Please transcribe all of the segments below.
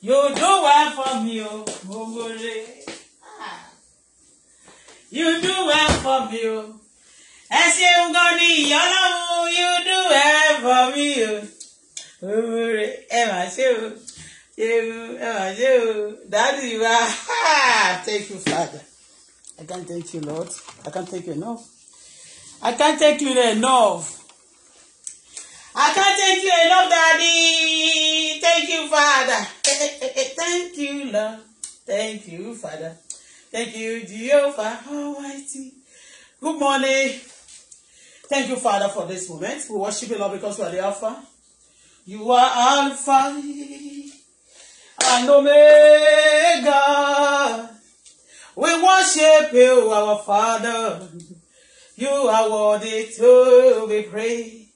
You do well for me, oh, Mongole. You do well for me, oh. Ẹ ṣeun gan you do well for me, oh. Mongole, ẹ mà ṣe o. Ẹ mà ṣe o. Daddy wa, thank you, Father. I can't thank you, Lord. I can't thank you enough. I can't thank you enough. I can't thank you enough, Daddy. Thank you, Father. Eh, eh, eh, thank you, Lord. Thank you, Father. Thank you, Jehovah Almighty. Good morning. Thank you, Father, for this moment. We worship you, Lord, because you are the Alpha. You are Alpha and Omega. We worship you, our Father. You are worthy to be praised.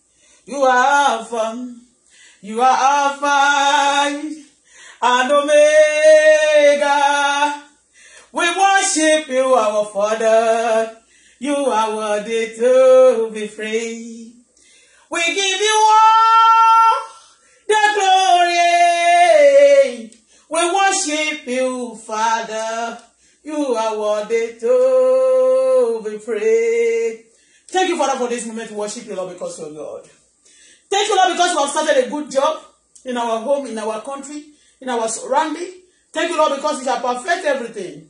You are Alpha. You are Alpha. and Omega. We worship you, our Father. You are worthy to be free. We give you all the glory. We worship you, Father. You are worthy to be praised. Thank you, Father, for this moment to worship you, Lord, because you're God. Thank you, Lord, because you have started a good job in our home, in our country in our surrounding. Thank you, Lord, because you have perfect everything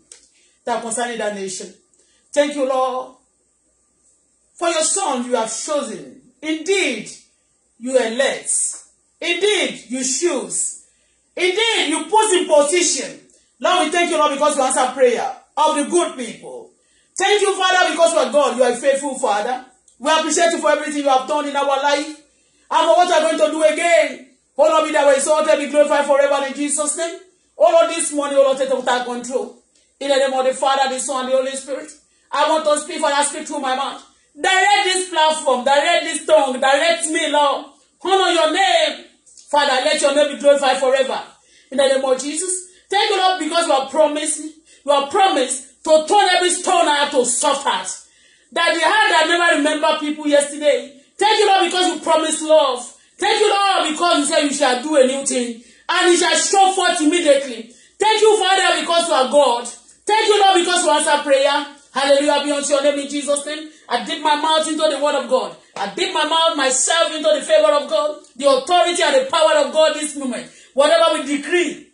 that concerning that nation. Thank you, Lord, for your son you have chosen. Indeed, you elect. Indeed, you choose. Indeed, you put in position. Lord, we thank you, Lord, because you answer prayer of the good people. Thank you, Father, because you are God. You are a faithful Father. We appreciate you for everything you have done in our life and for what you are going to do again. O Lord, be thou exalted, be glorified forever in Jesus' name. O oh, Lord, this morning, O oh, Lord, take total control. In the name of the Father, the Son, and the Holy Spirit. I want to speak, for Father, speak through my mouth. Direct this platform, direct this tongue, direct me, Lord. Honor your name. Father, let your name be glorified forever. In the name of Jesus. Thank you, Lord, because you are promising. You are promised to turn every stone out to soft heart. That the heart that never remember people yesterday. Thank you, Lord, because you promised love. Thank you, Lord, because you say you shall do a new thing and it shall show forth immediately. Thank you, Father, because you are God. Thank you, Lord, because you answer prayer. Hallelujah be unto your name in Jesus' name. I dip my mouth into the word of God. I dip my mouth myself into the favor of God, the authority and the power of God this moment. Whatever we decree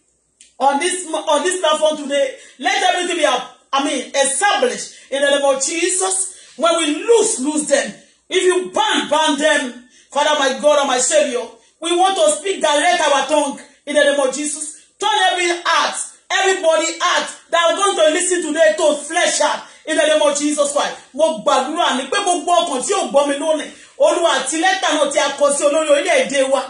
on this on this platform today, let everything be uh, I mean established in the name of Jesus. When we lose, lose them. If you ban, ban them. Father, my God, and my Savior, we want to speak direct our tongue in the name of Jesus. Turn every heart, everybody heart that are going to listen today to flesh out in the name of Jesus Christ. Mo gbàdúrà ní pé gbogbo ọkàn tí ò gbọ́ mi lónìí, Olúwa àti náà tí a kọ sí olórí orílẹ̀-èdè wa.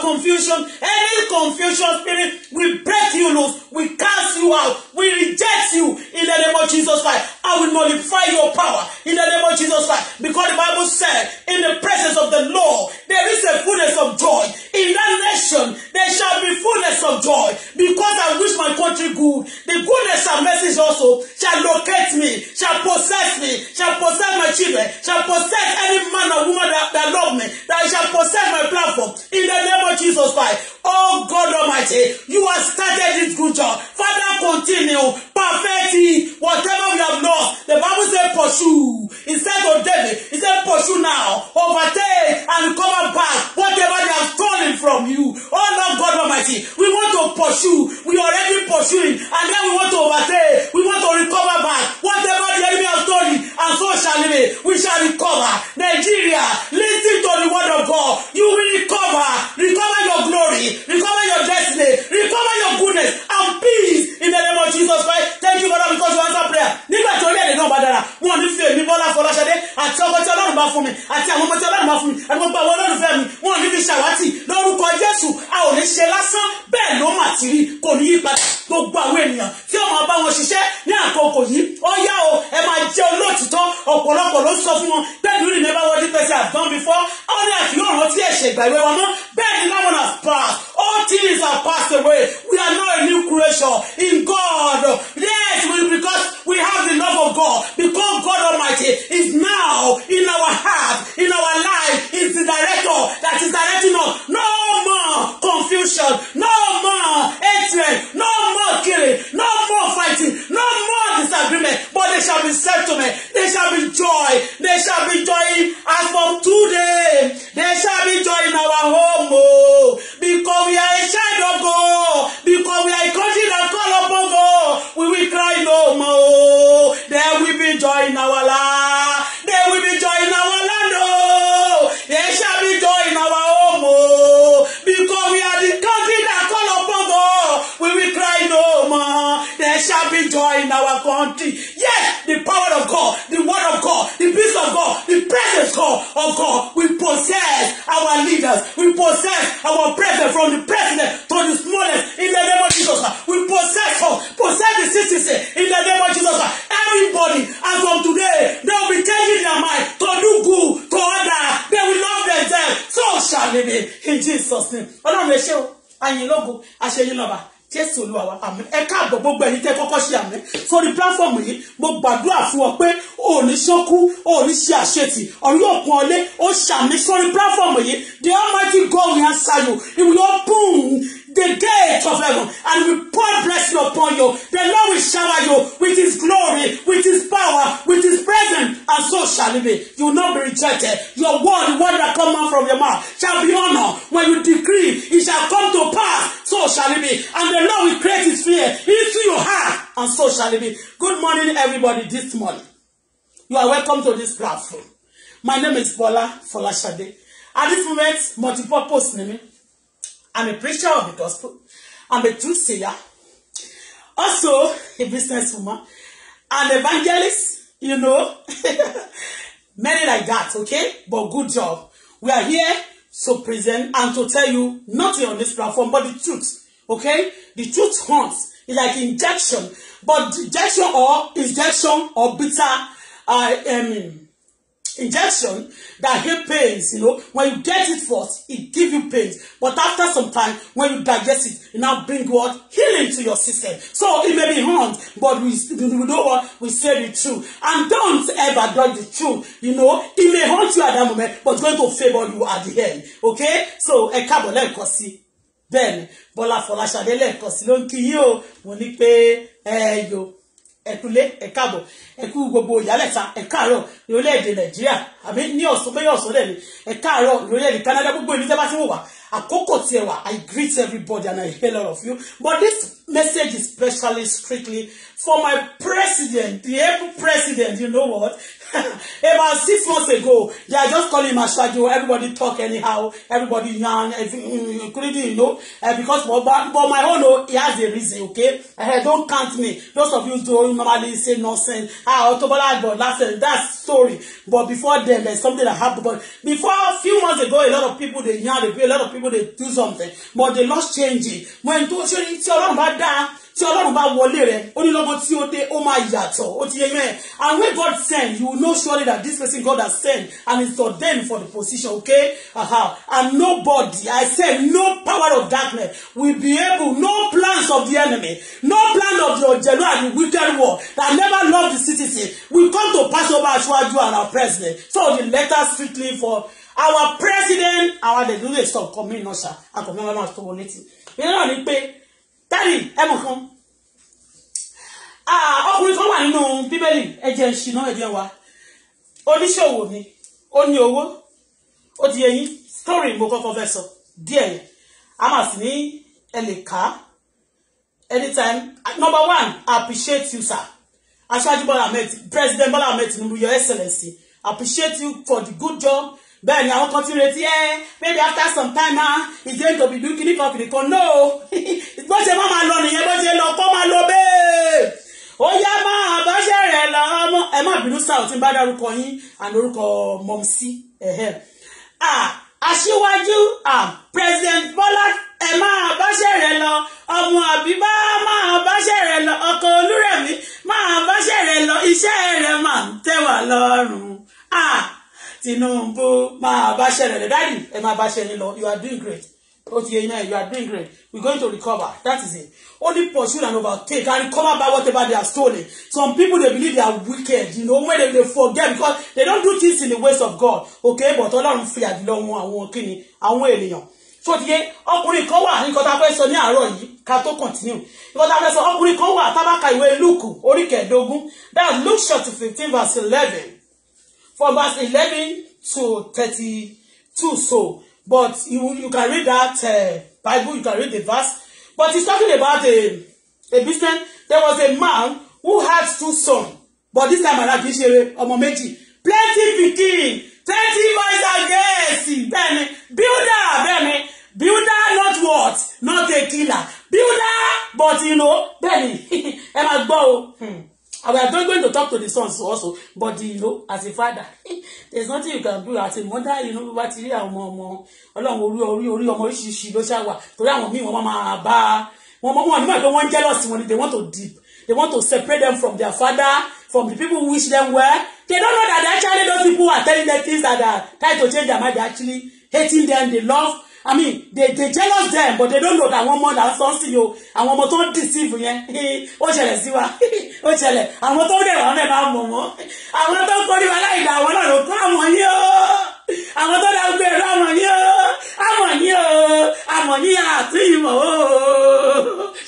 confusion. Any confusion spirit, we break you loose. We cast you out. We reject you in the name of Jesus Christ. I will nullify your power in the name of Jesus Christ. Because the Bible said, in the presence of the Lord, there is a fullness of joy. In that nation, there shall be fullness of joy. Because I wish my country good, the goodness and mercy also shall locate me, shall possess me, shall possess my children, shall possess any man or woman that, that love me, that shall possess my platform. In the name of Jesus Christ. Oh God Almighty, you have started this good job. Father, continue, perfect whatever we have lost. The Bible says pursue. Instead of David, he said pursue now, overtake and recover back whatever they have stolen from you. Oh Lord God Almighty, we want to pursue. We already pursuing and then we want to overtake. We want to recover back whatever the enemy has stolen and so shall it be. We shall recover. Nigeria, listen to the word of God. You will recover. Recover your glory. Recover your destiny. Recover your goodness and peace in the name of Jesus Christ. Thank you, Father, because you are dára nígbà tí orílẹ̀-èdè náà bá dára wọn ní fi èmi Bọ́lá Fọláṣadé àti ọkọ tí Ọlọ́run bá fún mi àti àwọn ọmọ tí Ọlọ́run bá fún mi àti gbogbo àwọn olólùfẹ́ mi wọn ní fi ṣàwátì lórúkọ Jésù a ò ní ṣe lásán bẹ́ẹ̀ ló mà ti rí kò ní yípadà gbogbo àwọn ènìyàn tí ó bá wọn ṣiṣẹ́ ní àkókò yìí ó yá o ẹ máa jẹ́ olóòtítọ́ ọ̀pọ̀lọpọ̀ ló sọ fún wọn bẹ́ẹ̀ ní bá wọlé mo gbàdúrà fún ọ pé o ò ní ṣókú o ò ní ṣe àṣetì ọ̀rọ̀ yóò pọn ọlé ṣàmì sórí platform yìí the almighty God will answer you he will open the gate of heaven and we pour blessing upon you. The Lord will shower you with his glory, with his power, with his presence, and so shall it be. You will not be rejected. Your word, the word that comes out from your mouth, shall be honored. When you decree, it shall come to pass, so shall it be. And the Lord will create his fear into your heart, and so shall it be. Good morning, everybody, this morning. You are welcome to this platform. My name is Bola Folashade. At this moment, multi-purpose name. I'm a preacher of the gospel. I'm a truth seller. Also a businesswoman, an evangelist, you know. Many like that, okay? But good job. We are here to present and to tell you nothing on this platform, but the truth, okay? The truth haunts. It's like injection, but injection or injection or bitter, uh, I um injection that heal pains, you know. When you get it first, it give you pains. But after some time, when you digest it, it now bring what? Healing to your system. So it may be hard, but we, we know what? We say the truth. And don't ever dodge the truth, you know. It may haunt you at that moment, but it's going to favor you at the end, okay? So, ẹ káàbọ̀ lẹ́ẹ̀kan sí. Bẹ́ẹ̀ni, Bọ́lá Fọláṣadé lẹ́ẹ̀kan sí ló ń kí yí o. Mo ní pé ẹ yo ẹ̀kúlé ẹ̀káàbọ̀ ẹ̀kú gbogbo ìyálẹ̀ta ẹ̀káàárọ̀ ní orílẹ̀-èdè nàìjíríà àmì ní ọ̀sán bẹ́yẹ̀ ọ̀sán lẹ́ni ẹ̀káàárọ̀ ní orílẹ̀-èdè canada gbogbo ìlú tẹ́bá tí wò wá àkókò tí ẹ wà i greet everybody and i hail all of you but this message is specially strictly for my president the able president you know what About six months ago, they are just calling him Aṣáájú. Everybody talk anyhow. Everybody yarn, mm, mm, including, you know, uh, because for, but, but my own, oh, he has a reason, okay? Uh, don't count me. Those of you who normally say nonsense, ah, Auto Bola but last time, that's story. But before then, there's something that happened. But before a few months ago, a lot of people, they yarn, a lot of people, they do something. But they lost changing. When two, tí Ọlọ́run bá dáa, tí ọlọ́run bá wọlé rẹ ó ní lọ́gbọ́n tí ó dé ó máa yàtọ̀ ó ti yẹ mẹ́ẹ̀ and when God send you will know surely that this person God has sent and it's ordained for the position okay aha and nobody I say no power of darkness will be able no plans of the enemy no plan of your ojelo and wicked war that never love the citizen will come to pass over Asiwaju and our president so the letter strictly for our president our dey do dey stop coming nọṣà akọ̀mọ́ máa tó wọlé donate. ìyẹn náà ni pé tẹ́lẹ̀ ẹ̀mọ̀ kan Ah, ọkùnrin kan wà nínú bíbélì ẹjẹ ìṣìná ẹjẹ wa oníṣòwò ni ó ní owó ó ti yẹ yín story mo kọ́kọ́ fẹ́ sọ díẹ̀ yẹn a máa sì ní ẹ lè kà á anytime number one I appreciate you sir aṣáájú bọ́lá ahmed president bọ́lá ahmed tinubu your excellency appreciate you for the good job bẹ́ẹ̀ ni àwọn kan ti retí ẹ eh, maybe after some time ah it's going to be do kìnnìkan kìnnìkan no bó ṣe má máa lọ nìyẹn bó ṣe lọ kó máa lọ bẹ́ẹ̀ ó yá máa bá ṣẹ̀rẹ̀ lọ ọmọ ẹ má bínú sáà tí n bá dárúkọ yín àná orúkọ mọ̀mùsí aṣíwájú president Bọ́lá ẹ máa bá ṣẹ̀rẹ̀ lọ ọmọ àbíbá máa bá ṣẹ̀rẹ̀ lọ ọkọ olúrẹ̀mí máa bá ṣẹ̀rẹ̀ lọ iṣẹ́ rẹ̀ máa ń tẹ́ wà lọ́rùn Tinubu máa bá ṣẹ̀rẹ̀ lọ dáàdì ẹ máa bá ṣẹ̀rẹ̀ lọ you are doing great ó ti yẹ iná you are doing great we going to recover that is it only pursue and overtake and recover by whatever they are stolen some people dey believe they are wicked you know when they dey forget because they don do things in the ways of God okay but Ọlọ́run fi àdìlọ wọn àwọn kíni àwọn ènìyàn so ti yẹ ọkùnrin kan wà nǹkan tá a fẹ́ sọ ní àárọ̀ yìí ká tó continue nǹkan tá a fẹ́ sọ ọkùnrin kan wà tábàkà ìwé Luke orí kẹẹ̀ẹ́dógún that Luke chapter fifteen verse eleven from verse eleven to thirty-two so But you, you can read that uh, Bible, you can read the verse. But he's talking about a, a business. There was a man who had two sons. But this time around, kì í ṣe ọmọ méjì. Plenty pikin, plenty boys and girls. Bẹ́ẹ̀ni, builder, bẹ́ẹ̀ni, builder not what, not a killer. Builder, but you know, bẹ́ẹ̀ni, ẹ máa gbọ́ o. I hmm. was going to talk to the sons also, but you know, as a father. there's nothing you can do àti mọ́dá inú bá ti rí àwọn ọmọ ọlọ́run orí orí orí ọmọ oríṣiríṣi ló ṣá wà torí àwọn míì wọ́n máa bá wọn mọ́ wọn nígbà pé wọ́n ń jealous wọn ni they want to deep they want to separate them from their father from the people who wish them well they don't know that actually those people are telling them things that are trying to change their mind they actually hating them they love I mean they they jealous them but they don't know that àwọn ọmọ là ń sọ sí o àwọn ọmọ tó ń deceive yẹn ó ṣẹlẹ̀ sí wa ó ṣẹlẹ̀ àwọn tó ń dẹ̀ wọ́n mẹ́ta mọ̀ wọ́n àwọn tó ń kọ́ nípa láì dá àwọn náà ló kọ́ àwọn yìí o àwọn tó dá gbé ẹ̀rọ àwọn yìí o àwọn yìí o àwọn yìí àti ìmọ̀ o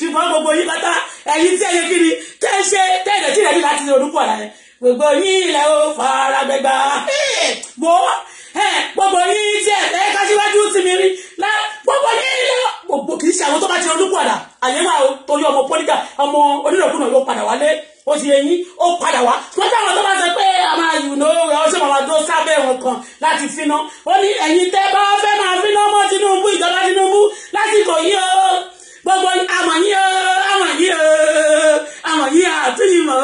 ṣùgbọ́n gbogbo yìí pátá ẹ̀yin tí ẹ̀yin kiri tẹ́ ẹ ṣe tẹ́ ẹ̀dẹ̀ tí ìrẹ́bí láti ṣe gbogbo yín tí ẹ̀ ẹ̀ káṣíwájú ti mi rí lá gbogbo yín lọ gbogbo kì í ṣe àwọn tó bá ti ronú padà àyẹ̀wò àwọn torí ọmọ pọ́lígà ọmọ onírọ̀kùnà yóò padà wálé ó ti yẹn yín ó padà wá lọ́jọ́ àwọn tó bá sọ pé a máa yù ní ọ̀rọ̀ ọṣẹ́ màmá tó sábẹ́ wọn kan láti finá ó ní ẹ̀yin tẹ́ bá fẹ́ máa finá mọ́ Tinubu ìjọba Tinubu lásìkò yìí o gbogbo àmọ̀ yìí o àmọ̀ yìí o àmọ̀ yìí àtúnyìmọ̀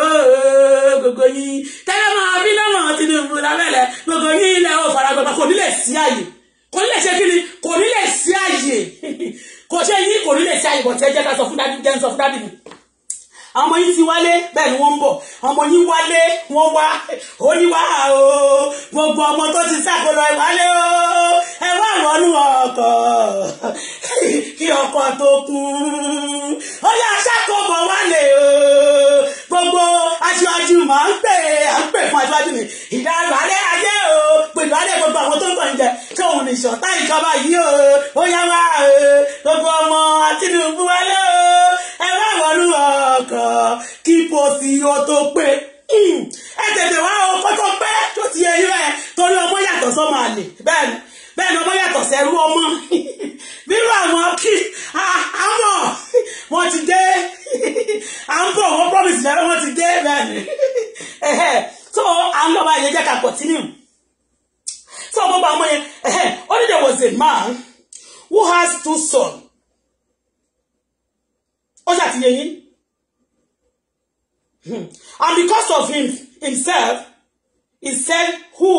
gbogbo yìí tẹ́lẹ̀ máa finá mọ́ Tinubu lábẹ́lẹ̀ gbogbo yìí àgbàlagbà kò nílẹ̀ sí àyè kò nílẹ̀ ṣe kíni kò nílẹ̀ sí àyè kò ṣe yí kò nílẹ̀ sí àyè bọ̀tẹ́ jẹ́ ká sọ fún dádì jẹ́ ń sọ fún dádì mi àwọn ọmọ yín ti wálé bẹ́ẹ̀ ni wọ́n ń bọ̀ àwọn ọmọ yín wálé wọ́n wá ó ní wá o gbogbo ọmọ tó ti sàkólọ ẹ wálé o ẹ wá wọnú ọkọ̀ kí ọkọ̀ tó kún ó yá aṣáko wálé o gbogbo aṣíwájú máa ń pè à ń pè fún aṣíwájú mi ìdálálẹ́ ayé o pẹ̀lú alẹ́ gbogbo àwọn tó ń gbọ̀n jẹ kí òun ní ìṣọ̀tá ìjọba yìí o ó yá wá o gbogbo ọmọ Tinubu wálé o ẹ wá wọnú ọkọ̀ kí pòsì o tó pé hmm. ẹ tètè wá o kó tó pé tó ti yẹ irú ẹ torí ọmọ yàtọ̀ sọ́mọ àlè bẹ́ẹ̀ ni bẹ́ẹ̀ ni ọmọ yàtọ̀ sẹ́rú ọmọ nínú àwọn kí àmọ́ wọ́n ti dé à ń bọ̀ wọ́n promise náà wọ́n ti dé bẹ́ẹ̀ ni so à ń lọ bá yẹn jẹ́ ká continue so gbogbo àwọn yẹn only there was a man who has two sons ó ṣàtìyẹ yín hmm. and because of him himself he said who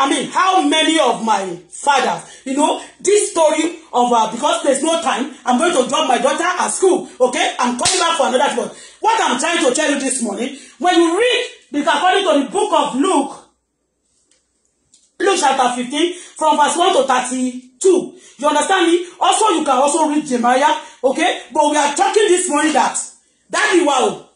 I mean, how many of my fathers, you know, this story of, uh, because there's no time, I'm going to drop my daughter at school, okay? I'm coming back for another spot. What I'm trying to tell you this morning, when you read, because according to the book of Luke, Luke chapter 15, from verse 1 to 32, you understand me? Also, you can also read Jeremiah, okay? But we are talking this morning that, that is wow,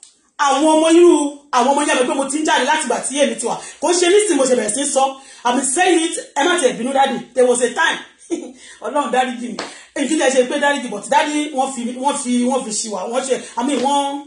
àwọn ọmọ irú àwọn ọmọ yàgbẹ́ pé mo ti ń jáde láti gbà tí èmi ti wà kò ṣe to mo ṣe bẹ̀rẹ̀ sí sọ i'm saying it ẹ má tiẹ̀ bínú dáàdì there was a time ọlọ́run dáríjì mi èyí tí lè ṣe pé dáríjì but dáàdì wọ́n fi wọ́n fi wọ́n fi ṣìwà wọ́n ṣe i mean wọ́n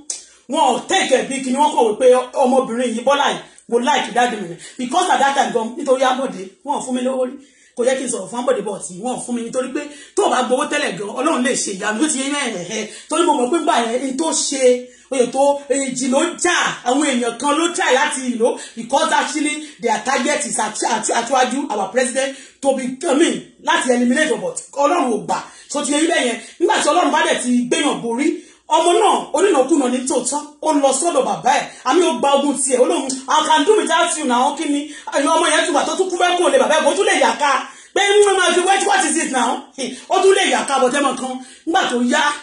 wọ́n tẹ̀kẹ̀ bí kí ni wọ́n kọ̀ wípé ọmọbìnrin yìí bọ́lá yìí mo like dáàdì mi because at that time gan nítorí àbọ̀dé wọ́n fún mi lówó rí kò jẹ́ kí n sọ̀rọ̀ fún àbọ̀dé bọ̀ tí wọ́n fún mi nítorí pé tó o bá gbowó tẹ́lẹ̀ gan ọlọ́run lè ṣe ìyanu tó ti yẹ ẹ̀ ẹ̀ torí mo mọ̀ pé gbà ẹ̀ ń tó ṣe ètò èjì ló jà àwọn èèyàn kan ló try láti you know because actually their target is àtiwájú our president to be coming láti eliminate but ọlọ́run ò gbà so ti yẹn bẹ́ẹ̀ yẹn nígbà tí ọlọ́run bá dẹ̀ ti gbéyàn borí ọmọ náà onínàkúnà ní tòótọ́ ó lọ sọ́dọ̀ bàbá ẹ̀ àmì ó gba ogun tiẹ̀ ó lóun àkàndùnmí jáàsì náà kí ni ọmọ yẹn tún wà tó tún kú fẹ́ kó lè bàbá ẹ̀ kó tún lè yà ká pé ń máa fi wẹ́tí wọ́tí sí ìtàn ó tún lè yà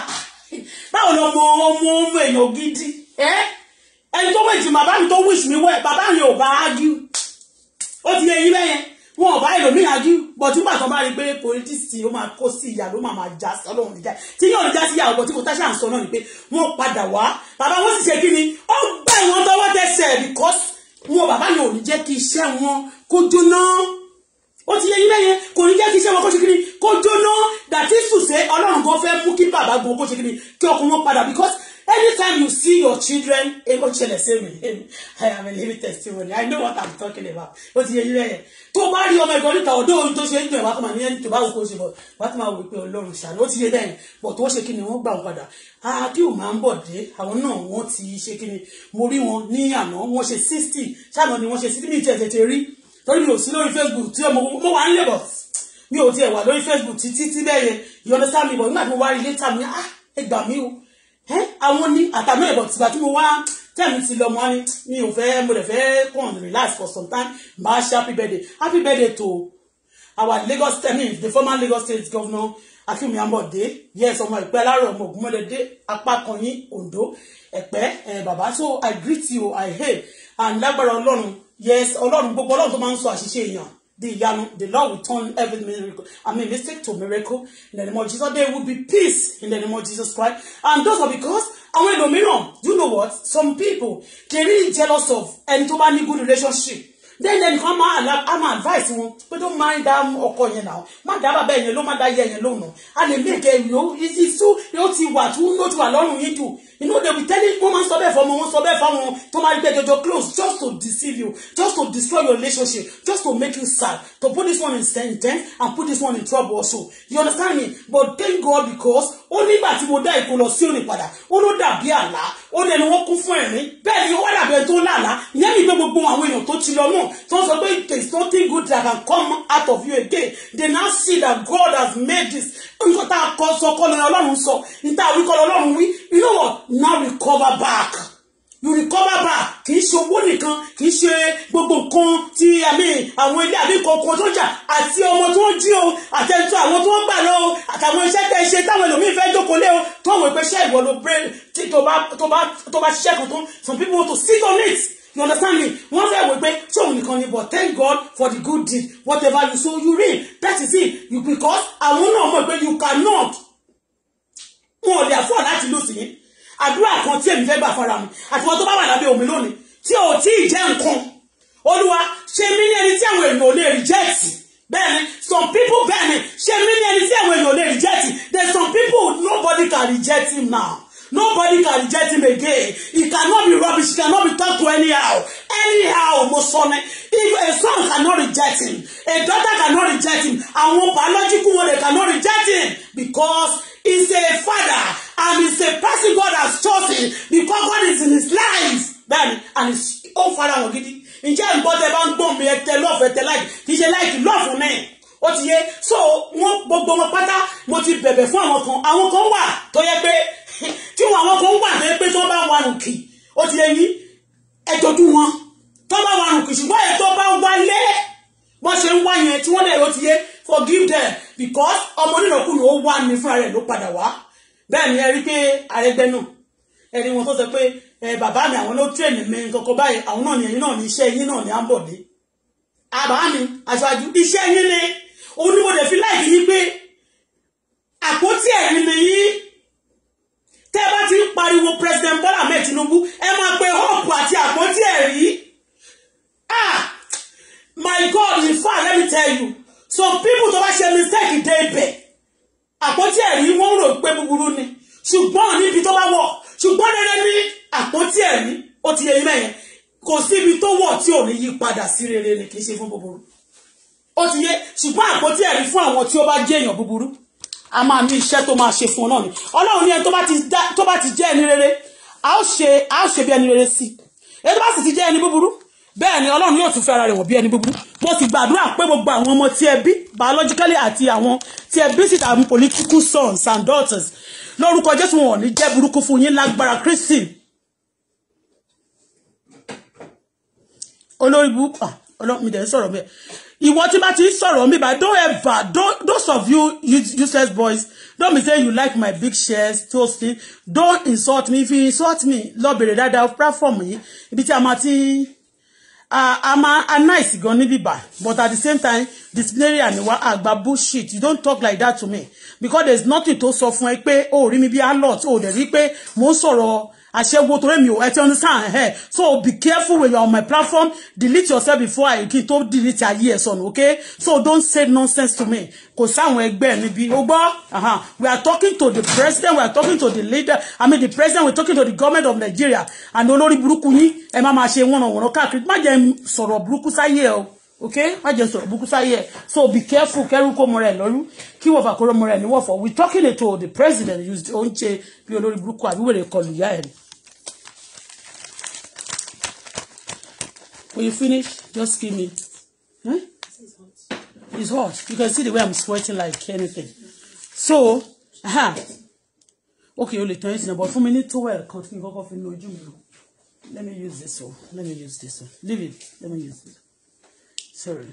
báwo ni ọmọ ọmọ ọmọ èèyàn gidi ẹ ẹni tó wẹ̀ jù bàbá mi tó wish mi wẹ̀ bàbá mi ò bá ájú ó ti yẹ yín bẹ́yẹn wọn ò bá ẹlòmíì ájú bọ̀ tí bàtọ́ bá rí i pé politisi ó máa kó sí ìyá ló máa máa já sí ọlọ́run níjà tí yóò já sí ìyàwó tí kò tá ṣàǹsọ náà ni pé wọ́n padà wá bàbá wọn sì ṣe kí ni ó gbà tọwọ́ tẹsẹ̀ because wọn bàbá yẹn ò ní jẹ́ kí iṣẹ́ wọn kó jóná ó ti yẹ yí bẹ́yẹn kò ní jẹ́ kí iṣẹ́ wọn kó ṣe kiri kó jóná dàtí sùsẹ́ ọlọ́run kan fẹ́ mú kí bàbá gbọ́n kó ṣe kiri kí ọkùnrin padà because anytime you see your children ego ṣẹlẹ̀ sí mi I am a living testimony I know what I'm talking about ó ti yẹ yí bẹ́yẹn tó bá rí ọmọ ẹ̀gbọ́n níta ọ̀dọ́ ohun tó ṣe ń dùn ẹ̀ wá kọ́ màá ní ẹni tó bá wù kó ṣe bọ̀ wá tó máa wù pé ọlọ́run ṣàlù ó ti yẹ bẹ́yẹn bọ̀ tó ṣe kí ni wọ́n gbà padà àdéhù máa ń bọ̀ dé àwọn náà wọ́n ti ṣe kí ni mo rí wọn ní àná wọ́n ṣe sixty ṣáà náà ni wọ́n ṣe sixty mi tẹ̀ rí torí mi ò sí lórí Facebook tí mo wà ń lẹ̀bọ̀ mi ò tiẹ̀ wà lórí Facebook títí tí bẹ́ẹ̀ yẹn you understand me but nígbà tí mo wá rí létà mi ah ẹ gbà mí o àwọn ní àtàmì ẹ̀bọ̀ tìgbà tí mo wá tẹ̀mí ti lọ mọ́ mi ò fẹ́ mo lè fẹ́ kàn relax for some time máa ṣe happy birthday happy birthday to our Lagos tẹ̀mí the former Lagos state governor akínmi amọ̀dé yes ọmọ ìpẹ́ aláàrọ̀ ọmọ ògúnmọ́dẹ́dẹ́ apá kan yín Ondo ẹ̀pẹ́ eh, bàbá so I greet you I hail and lágbára ọlọ́run yes ọlọ́run gbogbo ọlọ́run tó máa ń sọ àṣìṣe èèyàn the ìyanu the Lord will turn every miracle I mean mistake to miracle in the name of Jesus there will be peace in the name of Jesus Christ and those are because àwọn ẹlòmíràn you know what some people they really jealous of ẹni tó bá ní good relationship then ẹnìkan máa àlá á máa advice wọn pé tó máa ń dá ọkọ yẹn náà má dá bàbá yẹn ló má dá yẹ yẹn lónà a lè make ẹ lò ìsì so? yóò ti wà tó ló ti wà lọ́rùn yín jù You know they be telling máa ń sọ bẹ́ẹ̀ fọmọ wọn sọ bẹ́ẹ̀ fáwọn tó máa ń gbé jọjọ close just to deceive you just to destroy your relationship just to make you sad to put this one in sentence and put this one in trouble also you understand me but thank God because ó nígbà tí mo dá ìkó lọ sí òní padà ó ló dàbí àlá ó lè ní wọ́n kún fún ẹ̀mí bẹ́ẹ̀ ni wọ́n dàbẹ̀ tó lálàá ìyẹn mi pé gbogbo àwọn èèyàn tó ti lọ náà tó sọ pé there is nothing good that can come out of you again they now see that God has made this nǹkan tá a kọ sọ kọ́ lọ́run sọ níta àwíkọ́ lọ́run wí you know what now recover back you recover back kì í ṣe owó nìkan kì í ṣe gbogbo nǹkan tí àmì àwọn ilé àbí kọ̀ọ̀kan tó jà àti ọmọ tó ń jí o àtẹ̀tọ́ àwọn tó ń gbà lọ o àtàwọn iṣẹ́ tẹ̀ ṣe táwọn ẹlòmíín fẹ́ jókòó lé o tọ́wọ́ ìpẹ́ṣẹ́ ìwọ ló brain tí tó bá tó bá tó bá ṣiṣẹ́ kan tán some people want to sit on it you understand me wọ́n fẹ́ wò pé tí òun nìkan ni but thank God for the good deed whatever you sow you reap that is it you because àwọn náà mọ̀ pé you cannot wọn ò lè afford láti lose yìí àdúrà kan tí èmi fẹ́ gbà fara mi àti wọn tó bá wà lábẹ́ omi lónìí tí ò tí ì jẹ́ nǹkan olúwa ṣe mí ní ẹni tí àwọn èèyàn ò lè reject bẹ́ẹ̀ ni some people bẹ́ẹ̀ ni ṣe mí ní ẹni tí àwọn èèyàn ò lè reject there some people nobody can reject him now nobody can reject him again he cannot be rubbish he cannot be talked to anyhow anyhow mo sọ ni if a son cannot reject him a daughter cannot reject him àwọn biological one they cannot reject him because he is a father and it's a person God has chosen because God is in his life bẹ́ẹ̀ni and His own father wọn gidi ǹjẹ́ nǹkan tẹ bá ń gbọ́n mi ẹtẹ lọ́ọ̀fù ẹtẹ láìkì kì í ṣe láìkì lọ́ọ̀fù náà ó ti yé so wọn gbogbo wọn pátá mo ti bẹ̀bẹ̀ fún àwọn kan àwọn kan wà tó yẹ pé tí wọn àwọn kan wà tó yẹ pé tí wọn bá wà nù kì ó ti yé yín ẹ tọ́jú wọn tó bá wà nù kì ṣùgbọ́n ètò bá wálé wọ́n ṣe ń wá yẹn tí wọ́n dẹ̀ ó ti yé forgive them because ọmọ nínú kùnú ó wà ní fúnra rẹ̀ ló padà wá bẹ́ẹ̀ ni ẹ rí pé Arẹ́gbẹ́ náà ẹni wọn tó sọ pé bàbá mi àwọn ló train mi kankan báyìí àwọn náà ni ẹ̀yin náà ni iṣẹ́ yín náà ni à ń bọ̀ dé àbá mi aṣáájú iṣẹ́ yín ni onímọ̀dé fi láì yí pé àpótí ẹ̀rín ni yín tẹ́ bá ti ń pariwo president Bọ́lá Ahmed Tinubu ẹ máa pe hope àti àpótí ẹ̀rí ah my God in fact let me tell you some people tó bá ṣe mistake dé ibẹ̀ àpótí ẹ̀rí wọ́n rò pé búburú ni ṣùgbọ́n níbi tó bá wọ̀ ṣùgbọ́n rere ní àpótí ẹ̀rí ó ti yẹ ilé yẹn kò síbi tó wọ̀ tí ò ní yí padà sí rere ni kì í ṣe fún búburú ó ti yẹ ṣùgbọ́n àpótí ẹ̀rí fún àwọn tí ó bá jẹ́ èèyàn búburú a máa ní iṣẹ́ tó máa ṣe fún ọ náà ni ọlọ́run ní ẹni tó bá ti jẹ́ ẹni rere a ó ṣe a ó ṣe bí ẹni rere sí i èyí tó bá sì ti jẹ́ ẹni búburú bẹ́ẹ̀ ni ọlọ́run yóò tún fẹ́ ara rẹ̀ wọ̀ bí ẹni búburú mo sì gbàdúrà pé gbogbo àwọn ọmọ tí ẹ bí biologically àti àwọn tí ẹ bí síta àwọn political sons and daughters lórúkọ Jésù wọn ò ní jẹ́ burúkú fún yín lágbára Kristi olórí burúkú ah, ọlọ́run mi dẹ̀ ń sọ̀rọ̀ bẹ́ẹ̀ ìwọ tí bá ti ń sọ̀rọ̀ mi bá don't ever don't those of you useless boys don't be say you like my big shares toasting don't insult me if you insult me lọ bèrè dáadáa platform yìí ibi tí a máa ti ń uh, a a uh, nice gonna be bad, but at the same time disciplinary àníwá àgbà bullshit you don't talk like that to me because there's nothing to suffer. Oh, remember a lot? Oh, there's a alert o I torí mi to ẹ ti understand hey? so be careful when you're on my platform delete yourself before I kí n tó delete ayé ẹ̀ sọnù okay so don't say nonsense to me kò sáwọn ẹgbẹ́ níbi ó gbọ́ we are talking to the president we are talking to the leader I mean the president We're talking to the government of Nigeria and olórí burúkú yín ẹ má máa ṣe wọ̀nàwọ̀nà káàkiri má jẹ́ sọ̀rọ̀ burúkú sáyé here. okay má jẹ́ sọ̀rọ̀ burúkú sáyé ẹ̀ so be careful kẹ́rù kó mọ́ra ẹ̀ lọ́rú kí wọ́n fà we talking to the president use oúnjẹ bí olórí burúkú àbí wèrè kọlù ìyá call ni. When you finish, just give me. Huh? It's hot. You can see the way I'm sweating like anything. So, aha. Okay, only lè tán it now, but fún mi ní towel kan kí n kọ́kọ́ fi nu ojú mi Let me use this one. Let me use this one. Leave it. Let me use it. Sorry.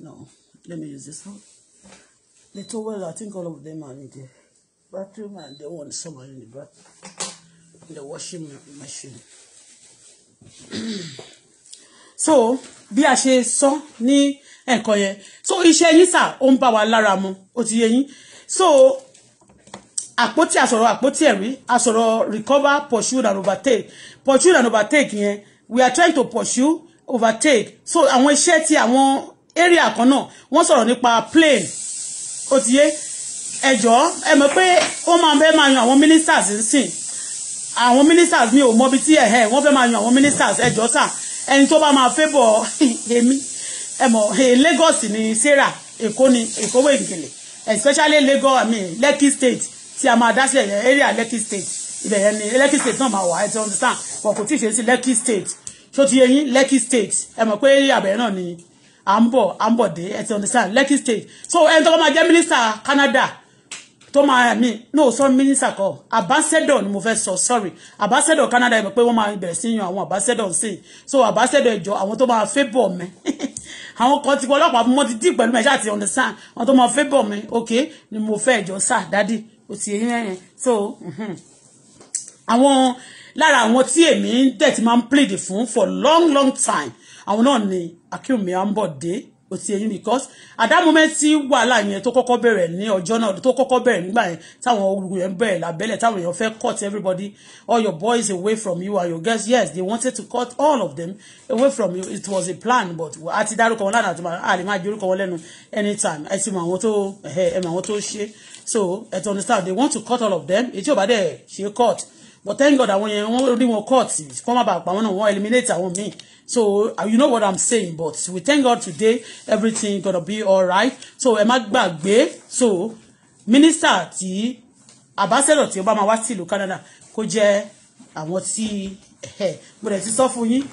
No. Let me use this one. The towel, I think all of them are in the bathroom and they want someone in the bathroom. In the washing machine. so bí a ṣe sọ ní ẹ̀kọ́ yẹn so iṣẹ́ yín sà ó ń bá wa lára mu ó ti yé yín so àpótí àsọ̀rọ̀ àpótí ẹ̀rí àsọ̀rọ̀ recover pursue and overtake pursue and overtake yẹn we are trying to pursue overtake so àwọn iṣẹ́ tí àwọn area kan náà wọ́n sọ̀rọ̀ nípa plane ó ti yé ẹjọ́ ẹ mọ̀ pé ó máa fẹ́ máa yan àwọn ministers ń sìn àwọn ministers mi ò mọbi tí ẹ̀hẹ́ wọ́n fẹ́ máa yan àwọn ministers ẹjọ́ sà ẹni tó bá máa fẹ́bọ̀ èmi ẹ̀mọ̀ Lagos ni Sarah Èkó ni Èkówó Ìgbìlẹ̀ especially Lagos I mean Lekki state tí a máa dá sílẹ̀ yẹn area Lekki state ibẹ̀ yẹn ni Lekki state náà máa wà ẹ ti understand but kò tí ì ṣe sí Lekki state tó ti yẹyin Lekki state ẹ mọ̀ pé area bẹ̀rẹ̀ náà ni à ń bọ̀ à ń bọ̀ dé ẹ ti understand Lekki state so ẹni tó bá máa jẹ́ minister Canada tó máa mi ní òsọ mínísà kọ àbáṣẹ́dọ̀ ni mo fẹ́ sọ sorry àbáṣẹ́dọ̀ Canada ìmọ̀ pé wọ́n máa bẹ̀rẹ̀ sí yan àwọn àbáṣẹ́dọ̀ sí so àbáṣẹ́dọ̀ ìjọ àwọn tó máa fẹ́ bọ̀ mẹ́ àwọn kan ti pọ̀ ọlọ́pàá fún mọ́tí tí pẹ̀lú mẹ́ṣáà ti understand àwọn tó máa fẹ́ bọ̀ mẹ́ ok ni mo fẹ́ ìjọ sà dádì kò sí eyín ẹ̀yẹn so mhm. àwọn lára àwọn tí èmi ń tẹ̀ ti máa ń plead fún for long long time àwọn náà ni Akínwùmí Ambode kò sí because at that moment tí wàhálà yẹn tó kọ́kọ́ bẹ̀rẹ̀ ní ọjọ́ náà tó kọ́kọ́ bẹ̀rẹ̀ nígbà yẹn táwọn olùkọ́ yẹn bẹ̀rẹ̀ lábẹ́lẹ̀ táwọn èèyàn fẹ́ cut everybody all your boys away from you and your girls yes they wanted to cut all of them away from you it was a plan but àti dárúkọ wọn lánàá tó máa àlè máa jórúkọ wọn lẹ́nu anytime ẹ ti mọ àwọn tó ẹ mọ àwọn tó ṣe so ẹ ti understand they want to cut all of them ètí ò bá dẹ̀ ṣe cut but thank God àwọn yẹn wọ́n rí wọn cut kọ́ má bàa pa wọn náà wọ́n eliminate àwọn míì so uh, you know what i'm saying but we thank god today everything gonna be alright so ẹ má gbàgbé so minister ti abasero tí ó bá máa wá sí ìlú canada kó jẹ́ àwọn tí mo dẹ̀ ti sọ fún yín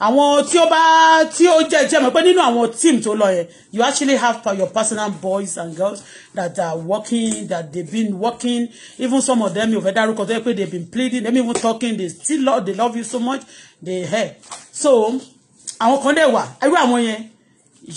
àwọn tí ó bá tí ó jẹ́ jẹ́ mọ̀ pé nínú àwọn team tó lọ yẹn you actually have your personal boys and girls that are working that they been working even some of them yóò fẹ́ dárúkọ tó yẹ pé they been pleading them even talking they still love they love you so much they hey, so àwọn kan dẹ̀ wà irú àwọn yẹn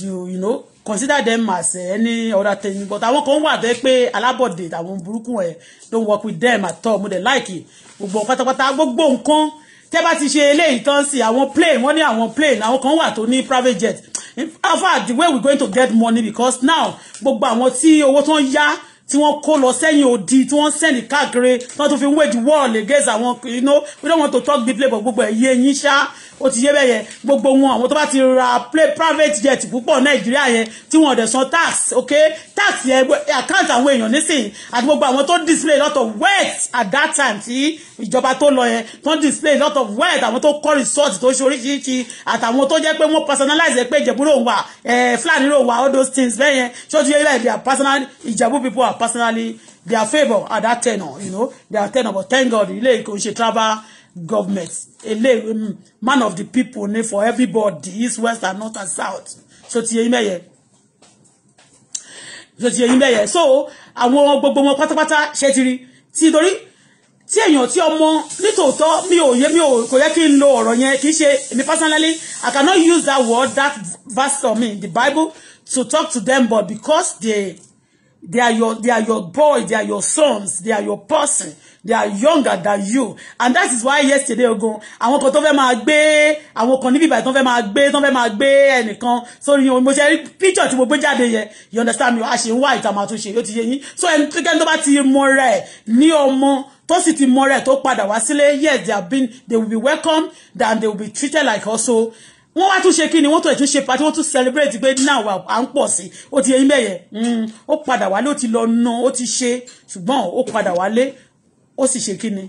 you you know consider them as eh, any other thing but àwọn kan wà bẹ́ẹ̀ pé alábọ̀dé àwọn burúkú ẹ̀ don't work with them at all mo dẹ̀ like gbogbo pátápátá gbogbo nǹkan tẹ́ bá ti ṣe eléyìí tán sí àwọn plane wọ́n ní àwọn plane àwọn kan wà tó ní private jet in fact the way we going to get money because now gbogbo àwọn tí owó tó ń yá tí wọ́n kó lọ sẹ́yìn odi tí wọ́n sẹ́ni káàkiri tí wọ́n tún fi wage war against àwọn you know we don't want to talk deeply but gbogbo ẹ̀yẹ yín ṣá ó ti yé bẹ́ẹ̀ yẹn gbogbo wọn àwọn tó bá ti ra private jet púpọ̀ nàìjíríà yẹn tí wọn ò dẹ̀ san tax ok tax yẹn eh, account àwọn èèyàn nísìnyí àti gbogbo àwọn tó display lot of wealth at that time tí ìjọba tó lọ yẹn tó display lot of wealth àwọn tó kọ́ resort tó ṣe oríṣiríṣi àtàwọn tó jẹ́ pé wọ́n personalize pé ìjẹ̀bú ló ń wà eh, fúlàní ló ń wà all those things bẹ́ẹ̀ yẹn ṣọ́jú yẹn like they are personal ìjẹ̀bú people are personally their are favour at that tenor you know they are tenor but thank God ilé ìkó ṣe travel government ele um, man of the people ni for everybody east west and north and south so ti eyin meye so ti eyin meye so àwọn gbogbo wọn pátápátá ṣe ti rí ti torí tí èèyàn tí ọmọ nítòótọ́ mi ò yẹ mi ò kò yẹ kí n lo ọ̀rọ̀ yẹn kì í personally i cannot use that word that verse for me in the bible to talk to them but because they They are your they are your boy, they are your sons, they are your person, they are younger than you. And that is why yesterday ago, àwọn kan tó fẹ́ máa gbé, àwọn kan níbi ìbàdàn tó fẹ́ máa gbé, tó fẹ́ máa gbé ẹnìkan sórí wọn. Mo ṣe rí picture tí mo gbé jáde yẹn, you understand me, a ṣe ń wá ìta máa tún ṣe, yóò ti yé yín. So ẹni kíkẹ́ni tó bá ti mọ rẹ̀ ní ọmọ tó sì ti mọ rẹ̀ tó padà wá sílé, yes, they have been, they will be welcomed, and they will be treated like also wọ́n wá tún ṣe kí ni wọ́n tó ẹ̀ tún ṣe party wọ́n tún celebrate pé náà wà á ń pọ̀ sí ó ti eyín bẹ́yẹ hmm, ó padà wálé ó ti lọ na ó ti ṣe ṣùgbọ́n ó padà wálé ó sì ṣe kí ni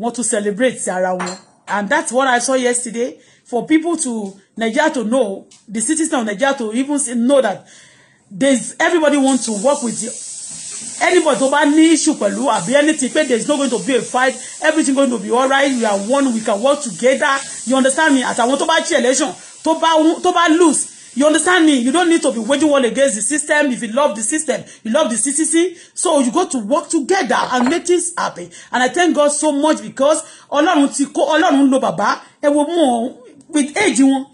wọ́n tún celebrate ara wọn and that's what I saw yesterday for people to Nigeria to know the citizens of Nigeria to even know that there's everybody wants to work with the anybody tó bá ní issue pẹ̀lú àbí anything pé there is no going to be a fight everything going to be alright we are one we can work together you understand me àtàwọn tó bá ṣe election tó bá tó bá lose you understand me you don't need to be waging war against the system if you love the system you love the ccc so you go to work together and make things happen and i thank god so much because ọlọ́run ti kó ọlọ́run lo bàbá ẹ wo mú with age wọn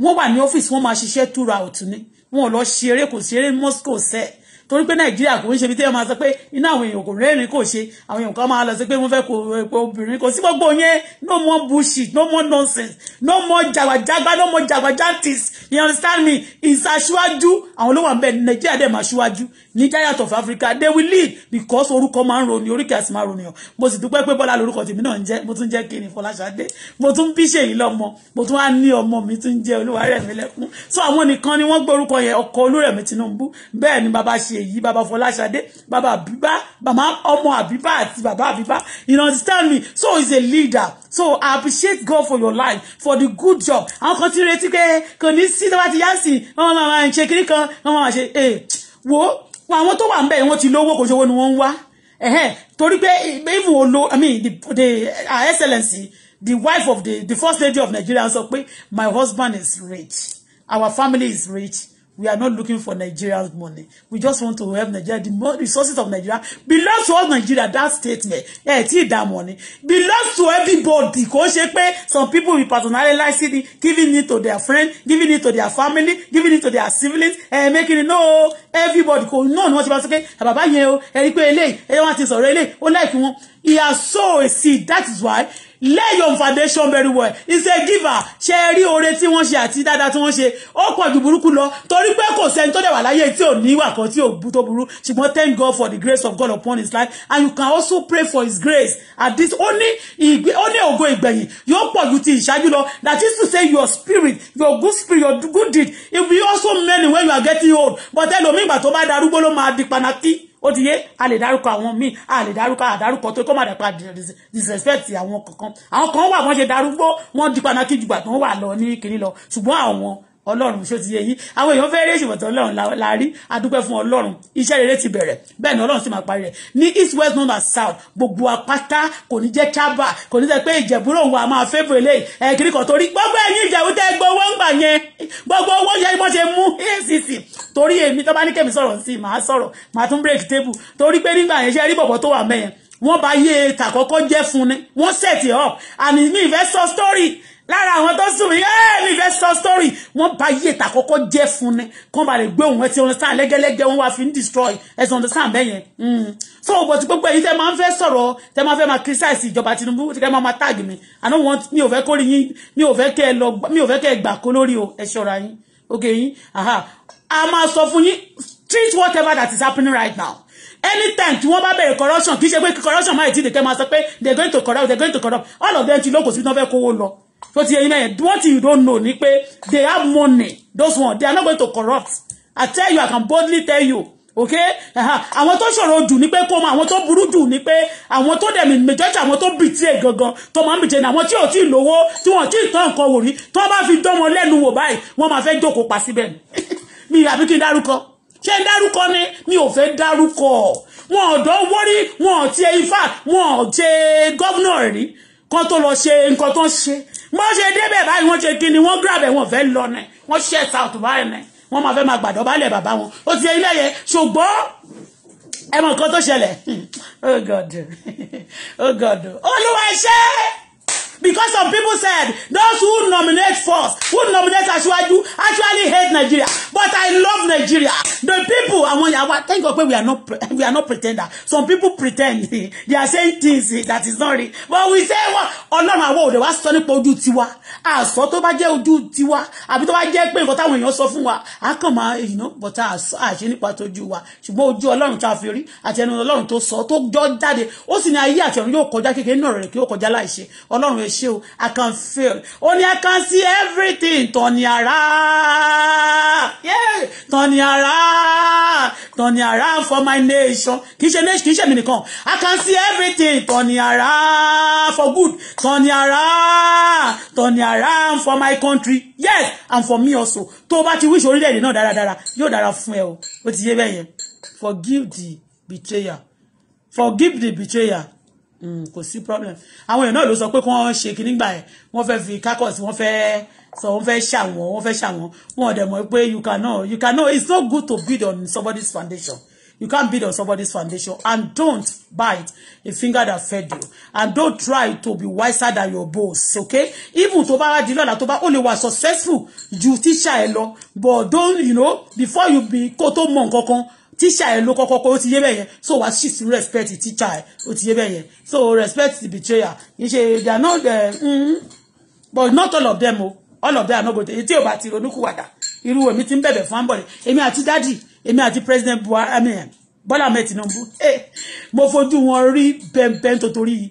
wọ́n wà ní ọ́fíìsì wọ́n máa ṣiṣẹ́ two ọ̀tún ni wọ́n lọ ṣeré kò ṣeré moscow sẹ́ẹ̀ torí pé nàìjíríà kò ń ṣe ibi tí wọ́n máa sọ pé iná àwọn èèyàn kò rẹ́rìn kò ṣe àwọn èèyàn kan máa lọ sí pé wọ́n fẹ́ kó epo obìnrin kò sí gbogbo yẹn no more bullshit no more nonsense no more jàgbàjàgbà no more jàgbàjàntis you understand me ìṣàṣíwájú àwọn olówó àbẹ nàìjíríà dẹ̀ máa ṣíwájú ní giant of Africa they will lead because orúkọ máa ń roni oríkì àti máa roni ọ mo sì dúpẹ́ pé Bọ́lá lórúkọ tèmi náà ń jẹ́ mo tún jẹ́ kí ni Fọláṣadé mo tún bí ṣèyí lọ́mọ mo tún wá ní ọmọ mi tún jẹ́ Olúwarẹ̀mí lẹ́kún so àwọn nìkan ni wọ́n gbé orúkọ yẹn ọkọ Olúrẹ̀mí Tinubu bẹ́ẹ̀ ni bàbá ṣèyí bàbá Fọláṣadé bàbá àbíbá bàbá ọmọ àbíbá àti Baba àbíbá you understand me so he's a leader so I appreciate God for your life for the good job àwọn kan ti retí pé kò ní sí tó bá ti yá sí wọ́n máa máa ṣe kiri kan wọ́n máa ṣe eh, wo wọn àwọn tó wà ń bẹ̀ wọ́n ti lówó kò ṣòwò ni wọ́n ń wá torí pé even olo i mean the, the her excellency the wife of the the first lady of Nigeria sọ pé my husband is rich our family is rich We are not looking for Nigeria's money. We just want to help Nigeria. The resources of Nigeria belong to all Nigeria. That statement, eh, yeah, that money belongs to everybody. Kò ṣe pé some people be personalize it, giving it to their friend, giving it to their family, giving it to their siblings, eh, making it know everybody. Kò no ni wọ́n ti bá sọ pé ah, o, ẹ rí pé eléyìí, ẹ ti sọ̀rọ̀ eléyìí, ó láìpẹ́ wọn. He has sown a seed. That is why lay your foundation very well it's a giver ṣe rí oore tí wọ́n ṣe àti dáadáa tí wọ́n ṣe ó pọ̀ ju burúkú lọ torí pé kò sẹ́ni tó dẹ̀ wà láyé tí ò níwà kan tí ò tó burú ṣùgbọ́n thank God for the grace of God upon his life and you can also pray for his grace at this ó ní ìgbé ó ní ògo ìgbẹ̀yìn yóò pọ̀ ju ti ìṣáájú lọ that is to say your spirit your good spirit your good deed it will also many when you are getting old but ẹlòmíì ìgbà tó bá darúgbó ló máa di panaki ó ti yé a lè dárúkọ àwọn míì a lè dárúkọ àdárúkọ tó kọ́ màdàpá disrespect àwọn kankan àwọn kan wà wọ́n ṣe darúgbó wọ́n di panaki jùgbà tó wà lọ ní kiri lọ ṣùgbọ́n àwọn ọlọ́run ṣó ti yẹ yín àwọn èèyàn fẹ́ẹ́ rí ìṣòwòtò ọlọ́run la rí adúpẹ́ fún ọlọ́run iṣẹ́ rere ti bẹ̀rẹ̀ bẹ́ẹ̀ ni ọlọ́run sì máa parí rẹ̀ ní east west north and south gbogbo apáta kò ní jẹ́ tábà kò ní jẹ́ pé ìjẹ̀búrò òun àmọ́ àfẹ́bù eléyìí ẹ̀kiri kan torí gbogbo ẹ̀yìn ìjẹ̀wú tẹ́ gbọ́ owó ń gbà yẹn gbogbo owó yẹn bó ṣe mú acc e torí èmi tó bá ní kẹ́mi sọ̀rọ̀ sí màá sọ̀rọ̀ màá tún break table torí pé nígbà yẹn ṣe rí bọ̀bọ̀ tó wà mẹ́yẹn wọ́n bá yé kàkọ́kọ́ jẹ́ fún ni wọ́n set it up and me investor story lára àwọn tó sùn mí eh, ẹ́ sọ story wọ́n bá yí ètò àkọ́kọ́ jẹ́ fún ni kán bá lè gbé òun ẹ ti understand lẹ́gẹ́lẹ́gẹ́ wọ́n wá fi ń destroy ẹ ti understand bẹ́ẹ̀ hmm. so òbò tí gbogbo èyí tẹ́ máa ń fẹ́ sọ̀rọ̀ tẹ́ máa fẹ́ máa criticize ìjọba Tinubu tí kẹ́ máa máa tag mi àná wọn mi ò fẹ́ kórè yín mi ò fẹ́ kẹ́ ẹ lọ mi ò fẹ́ kẹ́ ẹ gbà kó lórí o ẹ ṣọ́ra yín ok yín aha a máa sọ fún yín treat whatever that is happening right now anytime tí wọ́n bá bẹ̀rẹ̀ corruption kì í ṣe pé corruption máa ti dèkẹ́ máa sọ pé they going to corrupt they going to corrupt all of them ti lókòsí tí wọ́n fẹ́ kówó lọ tó ti yẹ iná what you don't know ni pé they have money those ones they are not going to corrupt I tell you I can boldly tell you okay àwọn tó ṣòro jù ni pé kó mọ àwọn to burú jù ni pé àwọn to dẹ̀ majority àwọn tó bìtì ẹ̀ gangan tó máa ń bìtì ẹ̀ ní àwọn tí ò tí ì lówó tí wọ́n tí ì tán nǹkan wò rí tó bá fi dán wọn lẹ́nu wò báyìí wọ́n máa fẹ́ jókòó pa síbẹ̀ mi àbí kí n dárúkọ ṣé n dárúkọ ni mi ò fẹ́ dárúkọ wọn ò dán wọ́rí wọn ò tiẹ̀ ifá wọn ò ṣe gómìnà rí kan tó lọ ṣe nǹkan tó ń wọ́n ṣe débẹ̀ báyìí wọ́n ṣe kíni wọ́n grab ẹ̀ wọ́n fẹ́ lọ nẹ̀ wọ́n ṣẹ̀ south báyìí nẹ̀ wọ́n máa fẹ́ máa gbàdọ̀ bálẹ̀ bàbá wọn ó ti ilé yẹn ṣùgbọ́n ẹ mọ nǹkan tó ṣẹlẹ̀ oh god oh god olúwa ṣe because some people said those who nominate first who nominate Aṣíwájú actually hate Nigeria but I love Nigeria the people àwọn yàrá thank God pé we are not we are not pretender some people pretend they are saying things that is not real but we say wọn Ọlọ́run àwọn òde wa sọ nípa ojú tiwa àsọ tó bá jẹ́ ojú tiwa àbí tó bá jẹ́ pé nǹkan táwọn èèyàn sọ fún wa á kàn máa you know but àṣẹ nípa tójú wa ṣùgbọ́n ojú Ọlọ́run tá a fi rí àti ẹnu Ọlọ́run tó sọ tó jọ jáde ó sì ní ayé àti ọ̀run yóò kọjá kékeré náà rẹ̀ kí ó kọjá láìṣe Ọlọ́run ẹ̀ ṣe i can feel ó i can see everything tọ́ni ara tọ́ni ara tọ́ni ara for my nation kì í ṣe nation kì í i can see everything tọ́ni ara for good tọ́ni ara tọ́ni ara for my country yes and for me also Toba, o bá ti wíṣọ orílẹ̀-èdè náà dáradára yóò dára fún ẹ o ó ti yé bẹ́ẹ̀ forgive the betrayer forgive the betrayer Mm, kò sí problem àwọn èèyàn náà ló sọ pé kí wọ́n ṣe kí nígbà yẹn wọ́n fẹ́ fi kákọ̀sí wọ́n fẹ́ sọ wọ́n fẹ́ ṣàwọn wọ́n fẹ́ ṣàwọn wọn ò dẹ̀ mọ̀ pé you can know. you can know. it's not good to build on somebody's foundation you can't build on somebody's foundation and don't bite a finger that fed you and don't try to be wiser than your boss okay even tó bá wá di lọ́la tó bá ó lè wà successful ju teacher ẹ lọ but don't you know before you be kó tó mọ̀ nǹkan kan Teacher, ẹ̀ ló kọ́kọ́ ti yé bẹ́ẹ̀ so wàá ṣì sí respect the teacher. ó ti yé bẹ́ẹ̀ so respect the betrayer kì í they are not there eh, mm, mm-hmm. but not all of them all of them are not good èyí tí ò bá ti ronúkúwàdà irú èmi ti ń bẹ̀bẹ̀ fún ambọ̀lẹ̀ èmi àti dádì èmi àti president Buhari amen Bọ́lá Ahmed Tinubu eh, mo fojú wọn rí bẹ́ẹ̀bẹ́ẹ̀ tó torí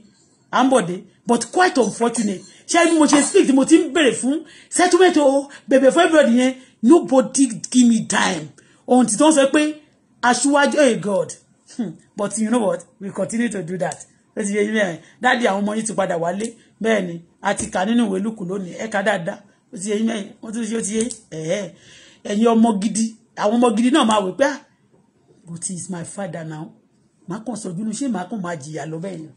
ambọ̀dé but quite unfortunate She bí mo ṣe speak tí mo ti ń bèrè fún settlement o bẹ̀bẹ̀ fún everybody yẹn nobody give me time On tí tó ń sọ aṣíwájú hey god hmm. but you know what we continue to do that ó ti yẹ yín mẹ́rin dáàdi àwọn ọmọ yín ti padà wálé bẹ́ẹ̀ ni a ti kà nínú ìwé lùkù lónìí ẹ̀ka dáadáa eh? ó ti yẹ yín mẹ́rin wọ́n tún ṣe ó ti yẹ ẹ̀ẹ́ ẹ̀yin ọmọ gidi àwọn ọmọ gidi náà máa wò pé ah but he is my father now má kàn sọjú nu ṣé má kàn máa jìyà lọ bẹ́ẹ̀ ni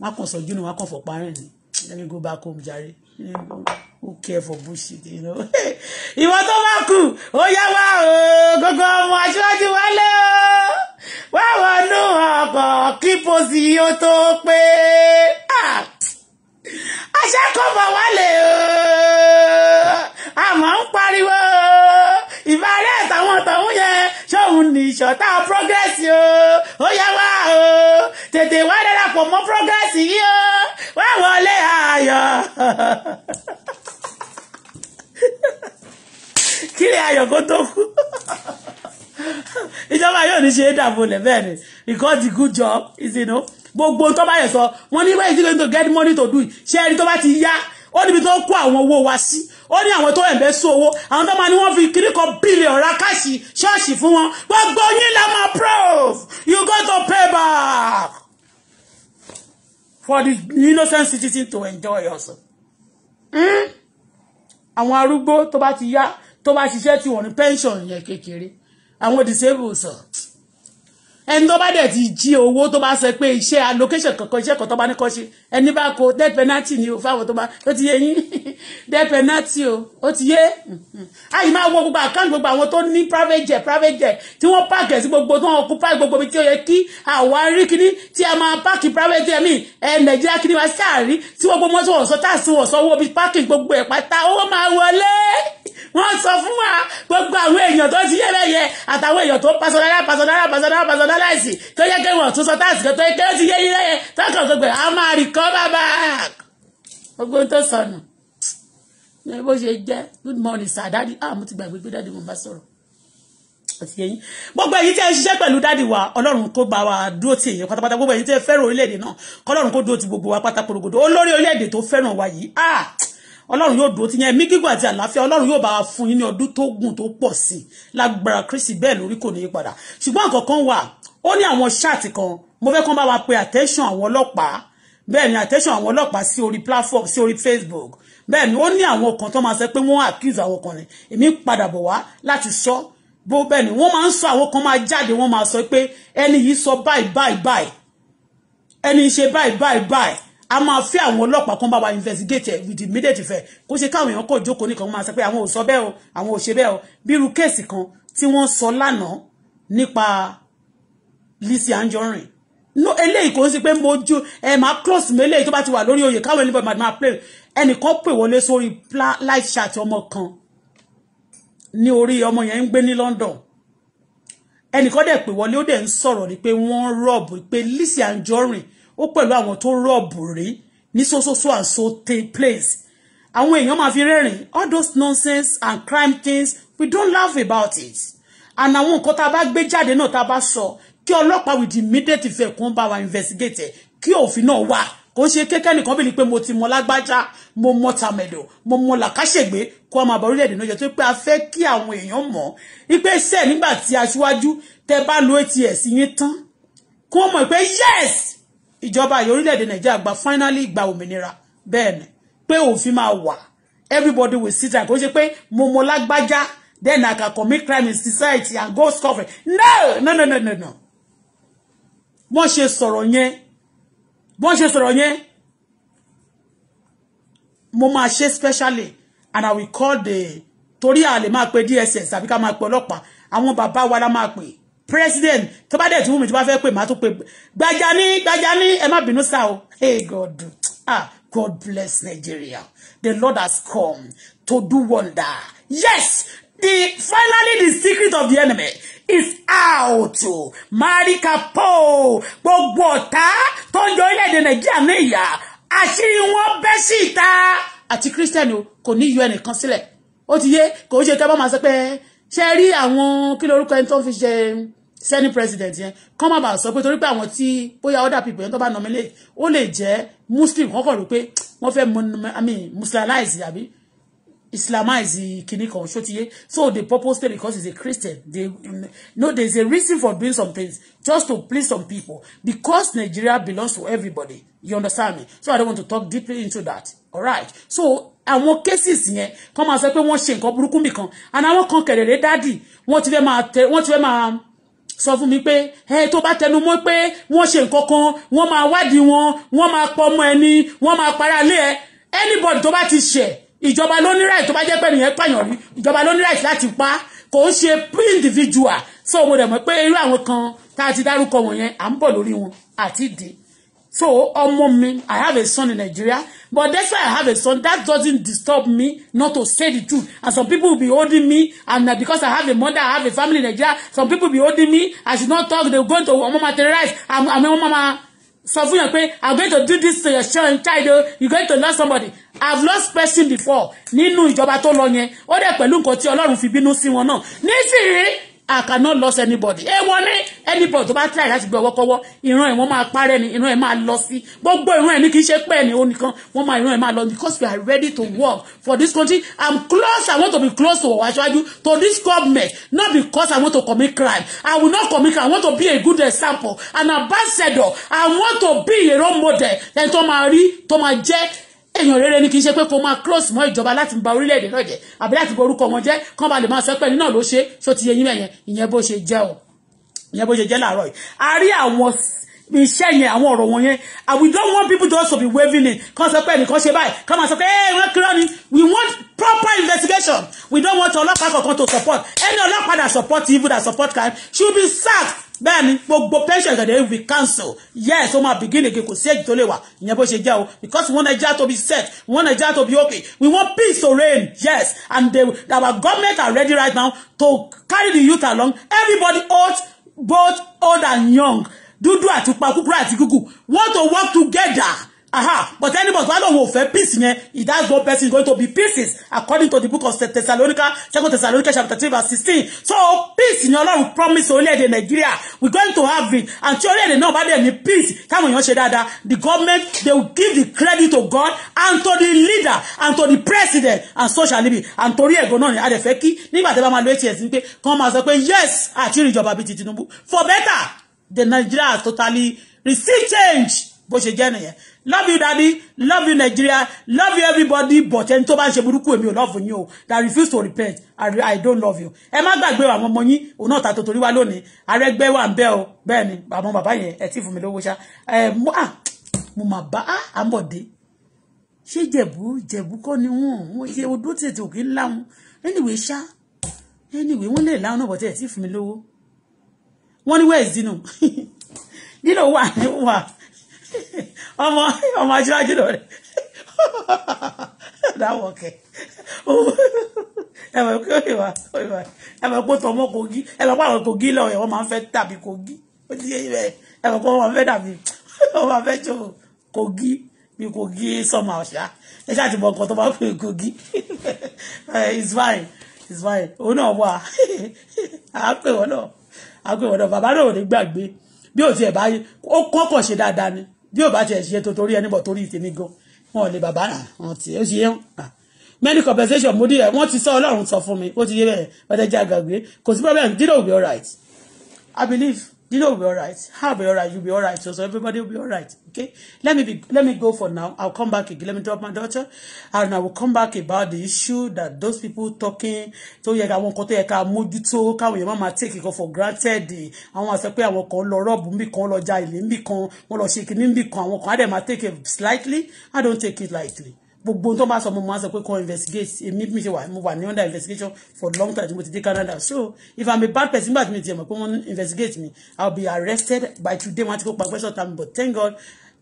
má kàn sọjú nu má kàn fọ̀ parẹ́ ni let me go back home jàre who care for bullshit you know. want you. ìwọ tó bá kù ó yá wá o gbogbo ọmọ aṣáájú wálé o Keep us ọkọ̀ kí pay. Ah. I shall aṣákọ̀ọ́mọ wálé o. ìṣọ̀tá progress o ó yá wá o tètè wá darapọ̀ mọ́ progress yìí o wá wọlé ayọ̀ kílẹ̀ ayọ̀ kó tó kú ìjọba yóò ní ṣe é dàbọ̀lẹ̀ bẹ́ẹ̀ ni because the good job is you know gbogbo tó bá yẹ sọ wọn ní wẹ́ẹ̀ sí lóyún to get money to do ṣé ẹni tó bá ti yá ó níbi tó kó àwọn owó wa sí ó ní àwọn tó ẹ̀bẹ̀ sí owó àwọn tó máa ní wọ́n fi kiri kan bílẹ̀ ọ̀rá káàsì ṣọ́ọ̀ṣì fún wọn gbogbo yín la máa prove you go to pay back for the innocent citizen to enjoy also. Hmm? àwọn arúgbó tó bá ti yá tó bá ṣiṣẹ́ tí wọ́n ní pension yẹn kékeré àwọn disabled sọ ẹni tó bá dẹ̀ ti jí owó tó bá sọ pé iṣẹ́ allocation kankan iṣẹ́ kan tó bá ní kọ́ ṣe ẹni bá kó death penalty ni o fáwọn tó bá ó ti yé yín death penalty o ó ti yé àyè máa wọ gbogbo àkáǹtì gbogbo àwọn tó ní private jet private jet tí wọ́n páàkì sí gbogbo tí wọ́n kó páàkì gbogbo mi tí ó yẹ kí àwárí kíní tí a máa páàkì private jet mi ẹ nàìjíríà kíní wa sáàrí tí gbogbo mọ́tò ọ̀sán tá a sin ọ̀sán owó mi páàkì gbogbo ẹ̀ pátá owó máa wọlé wọ́n sọ fún wa gbogbo àwọn èèyàn tó ti yẹ́lẹ̀ yẹ àtàwọn èèyàn tó pàṣọdára pàṣọdára pàṣọdára pàṣọdára láìsí tó yẹ kí wọ́n tún sọ táàsì kan yẹ kí wọ́n ti yẹ́ yín lẹ́yẹ tó kàn gbogbo ẹ̀ á máa rí k cover back gbogbo tó sọnù ní bó ṣe jẹ́ good morning sir dadi ah mo ti gbàgbé pé dadi mo bá sọ̀rọ̀ àti ẹ̀yin gbogbo ẹ̀yin tẹ́ ẹ ṣiṣẹ́ pẹ̀lú dáàdì wa ọlọ́run kó bá wa dúró tì èyàn pátápátá gbogbo ẹ̀yin tẹ́ ẹ fẹ́ràn orílẹ̀-èdè náà kọ́lọ́run kó dúró ti gbogbo wa pátákorogodo olórí orílẹ̀-èdè tó fẹ́ràn wa yìí ah ọlọ́run yóò dúró ti yẹn ẹ̀mí gígùn àti àlàáfíà ọlọ́run yóò bá wa fún yín ní ọdún tó gùn tó pọ̀ sí i lágbára kristi bẹ́ẹ̀ lórí kò ní í padà ṣùgbọ́n nǹkan kan wà ó ní àwọn ṣáàtì kan mo fẹ́ kán bá wa pe attention àwọn ọlọ́pàá bẹ́ẹ̀ ni attention àwọn ọlọ́pàá sí orí platform sí orí Facebook bẹ́ẹ̀ ni ó ní àwọn kan tó máa sọ pé wọ́n accuse àwọn kan ni èmi padà bọ̀ wá láti sọ bó bẹ́ẹ̀ ni wọ́n máa ń sọ àwọn kan máa jáde wọ́n máa sọ pé ẹni yìí sọ báyìí báyìí báyìí ẹni ṣe báyìí báyìí báyìí a máa fẹ́ àwọn ọlọ́pàá kan bá wa investigate with immediate effect kó ṣe káwọn èèyàn kò jókòó nìkan máa sọ pé àwọn ò sọ bẹ́ẹ̀ o àwọn ò ṣe bẹ́ẹ̀ o bí irú kéèsì kan tí wọ́n sọ lánàá nípa Lizzy Anjorin no eléyìí kò ń sí pé mojú ẹ máa close mi eléyìí tó bá ti wà lórí oyè káwọn ẹni bọ̀dọ̀ máa play ẹnìkan pè wọlé sórí live chat ọmọ kan ní orí ọmọ yẹn ń gbé ní London ẹnìkan dẹ̀ pè wọlé ó dẹ̀ ń sọ̀rọ̀ ni pé wọ́n rọ́ọ̀bù pé Lizzy Anjorin ó pẹ̀lú àwọn tó rọ́ọ̀bù rí ní sososo and so place àwọn èèyàn máa fi rẹ́rìn all those nonsense and crime things we don't laugh about it and àwọn nǹkan tá a bá gbé jáde náà tá a bá sọ kí ọlọ́pàá with immediate effect kún bá wa investigate ẹ̀ kí òfin náà wà kò ṣe kékeré nìkan bí ni pé mo ti mọ lágbájá mo mọ tàmẹ̀dọ̀ mo mọ làkàṣègbè kó ọmọ àbọ̀ orílẹ̀-èdè náà jẹ́ tó pé a fẹ́ kí àwọn èèyàn mọ̀ ipe iṣẹ́ nígbà tí aṣíwájú tẹ bá lo ats yín tán kí mọ̀ pé yes ìjọba àyè orílẹ̀-èdè nàìjíríà gba finally gba òmìnira bẹ́ẹ̀ ni pé òfin máa wà everybody will sit down kò ṣe pé mo mọ lágbájá then I can commit crime in society and go scoffing no no no no no no wọ́n ṣe sọ̀rọ̀ yẹn wọ́n ṣe sọ̀rọ̀ yẹn mo máa ṣe specially and I will call the torí àlè máa pe DSS àbí ká máa pe ọlọ́pàá àwọn bàbá wa la máa pè president tó bá dẹ̀ tún mi tó bá fẹ́ pè má tún pè Gbàjàní Gbàjàní ẹ má bínú sá o hey God ah God bless Nigeria the Lord has come to do wonder yes the finally the secret of the enemy is out marikapo gbogbo ọ̀tá tó ń yọ orílẹ̀-èdè nàìjíríà ní ìyà àṣírí wọn bẹ́ sí ìta àti kírísítẹ́nì kò ní yọ ẹnìkan sílẹ̀ ó ti yé kò ń ṣe tẹ́ bá máa sọ pé ṣe rí àwọn kí lorúkọ ẹni tó ń fi ṣe sẹ́ni president yẹn kọ́ má bàa sọ pé torí pé àwọn tí bóyá other people yẹn tó bá nominate ó lè jẹ́ muslim kọ́kọ́ rò pé wọ́n fẹ́ muslimized àbí Islamize kini kan sotiye so they purposely because he's a Christian they um, no there's a reason for doing some things just to please some people because Nigeria belongs to everybody you understand me so I don't want to talk deeply into that all right so àwọn cases yẹn kàn máa sọ pé wọ́n ṣe nǹkan burúkú nìkan and àwọn kan kẹ̀rẹ̀rẹ̀ dádì wọ́n ti fẹ́ máa tẹ wọ́n ti fẹ́ máa sọ fún mi pé ẹ tó bá tẹnu mọ́ pé wọ́n ṣe nǹkan kan wọ́n máa wádìí wọn wọ́n máa pọ̀ ọmọ ẹni wọ́n máa para lé ẹ anybody tó bá ti ṣẹ̀ ìjọba ló ní right tó bá jẹ́ pé nìyẹn pààyàn rí ìjọba ló ní right láti pa kò ń ṣe individual so mo dẹ̀ mọ̀ pé irú àwọn kan tá a ti dárúkọ wọ̀nyẹn à ń bọ̀ lórí wọn àti dè so ọmọ mi i have a son in Nigeria but that's why i have a son that doesn't disturb me not to say the truth and some people will be holding me and uh, because i have a mother i have a family in Nigeria some people be holding me i should not talk they go to ọmọ materialize i'm i'm ọmọ mama sọ fún yàn pé i'm going to do this to your child o oh. you going to lose somebody i've lost person before nínú ìjọba tó lọ yẹn ó dẹ̀ pẹ̀lú nǹkan tí ọlọ́run fi bínú sí wọn náà nísìnyí I cannot lose anybody èèwọ̀ ni anybody tó bá try láti gbé ọwọ́ kọ́wọ́ ìran ẹ̀ wọ́n máa parẹ́ ni ìran ẹ̀ máa lọ sí gbogbo ìran ẹ̀ ní kì í ṣe pẹ́ ni ó nìkan wọ́n máa ìran ẹ̀ máa lọ because we are ready to work for this country I'm close I want to be close to Ọ̀wáṣájú to this government not because I want to commit crime I will not commit crime I want to be a good example an ambassador I want to be a role model ẹni tó máa rí tó máa jẹ́ èèyàn rere ni kì í ṣe pé kó máa close mọ́ ìjọba láti ba orílẹ̀-èdè náà jẹ́ àbí láti bo orúkọ wọn jẹ́ kán ba lè máa sọ pé ẹni ló ṣe ṣó ti yẹ yín mẹ́yẹn ìyẹn bó ṣe jẹ́ o ìyẹn bó ṣe jẹ́ láàárọ̀ yìí a rí àwọn iṣẹ́ yẹn àwọn ọ̀rọ̀ wọn yẹn and we don't want people to also be waving in kán sọ pé ẹnìkan ṣe báyìí kán máa sọ pé ẹ wọ́n kírọ́ ni we want proper investigation we don't want ọlọ́pàá kankan to support any ọlọ́pàá that support evil that support crime should be sacked bẹ́ẹ̀ ni gbogbo pension gẹ̀dẹ̀ will be cancelled yes ó máa begin again kò sí èjì tó lè wà ìyẹn bó ṣe jẹ́ o because we want Nigeria to be set we want Nigeria to be okay we want peace to reign yes and they, our government are ready right now to carry the youth along everybody old both old and young dúdú àti pa kúkúrú àti gúgù want to work together aha but anybody wà lóun ò fẹ́ peace yẹn it has no person going to be pieces according to the book of Thessalonica second Thessalonica chapter three verse sixteen so peace yẹn ọlọ́run promise only èdè Nigeria. we going to have it àti orílẹ̀-èdè náà bá dẹ̀ ní peace táwọn èèyàn ṣe dáadáa the government they will give the credit to God and to the leader and to the president and so shall it be and torí ẹ̀gọ́ náà ni a dẹ̀ fẹ́ kí nígbà tí a bá máa lo eight years ni pé kàn máa sọ pé yes àti ìrìnjọba bíi ti Tinubu for better the Nigeria has totally received change bó ṣe jẹ́ nìyẹn love you daddy love you Nigeria love you everybody but ẹni tó bá ń ṣe burúkú èmi ò love yín o that refuse to repent I, I don't love you ẹ má gbàgbé àwọn ọmọ yín òun náà ta tòtòrí wá lónìí àrẹgbẹ́ wà ń bẹ́ o bẹ́ẹ̀ ni àwọn bàbá yẹn ẹ tí fún mi lówó ṣá ẹ mú à mo ah, mà bá ah, à á mọ̀ dé ṣé jẹ̀bú jẹ̀bú kọ́ ni wọ́n wọ́n ṣe odó tètè òkè ńlá wọn anyway ṣá anyway wọ́n lè láwọn náà bọ̀ tẹ́ ẹ tí fún mi lówó wọ́n ní wẹ́ẹ̀ dínú dínú wà ní wà. ọmọ ọmọ aṣíwájú lọ rẹ dáwọ kẹ ẹ mọ̀ pé òyìnbá òyìnbá ẹ mọ̀ pé tọmọ kogi ẹ mọ̀ pé àwọn kogi lọ ẹ wọ́n máa ń fẹ́ dàbí kogi ó ti yé ibẹ̀ ẹ mọ̀ pé wọ́n máa ń fẹ́ dàbí wọ́n máa ń fẹ́ tó kogi bí kogi sọmọ ọ̀ṣà ẹ ṣáà ti mọ̀ nǹkan tó bá pè kogi eh, it's fine it's fine òun náà wà á pè wọ́n náà á pè wọ́n náà bàbá náà ò ní gbàgbé bí òtí ẹ̀ bá ó kọ́kọ̀ ṣe dáadáa ni bí ò bá tiẹ̀ ṣe tó torí ẹni bọ̀ torí tèmi gan wọn ò lè bàbá rà wọn tiẹ̀ ó ṣe yẹn many compensation mo díẹ̀ wọ́n ti sọ ọlọ́run sọ fún mi ó ti yé bẹ́ẹ̀ ọ̀dẹ́jà gàgbé kò sí problem dídò will be alright I believe. Dino will be all right. I'll be all right. You'll be all right. So, so everybody will be all right. Okay. Let me be. Let me go for now. I'll come back again. Let me drop my daughter, and I will come back about the issue that those people talking. So yeah, àwọn kan tó yẹ move mójútó. Káwọn yẹn your máa take it for granted. I want to àwọn I will call Laura. kan, lọ ja ilé níbì kan, wọ́n lọ ṣe kinní níbì kan. Àwọn kan á take it slightly. I don't take it lightly gbogbo tó bá sọ mo máa sọ pé kan investigate èmi mi ṣe wà mo wà ní under investigation for long time tí mo ti dé Canada so if i'm a bad person nígbà tí mi ti mọ̀ pé wọ́n investigate me i will be arrested by today wọ́n ti kó pàgbẹ́ sọ̀tà mi but thank God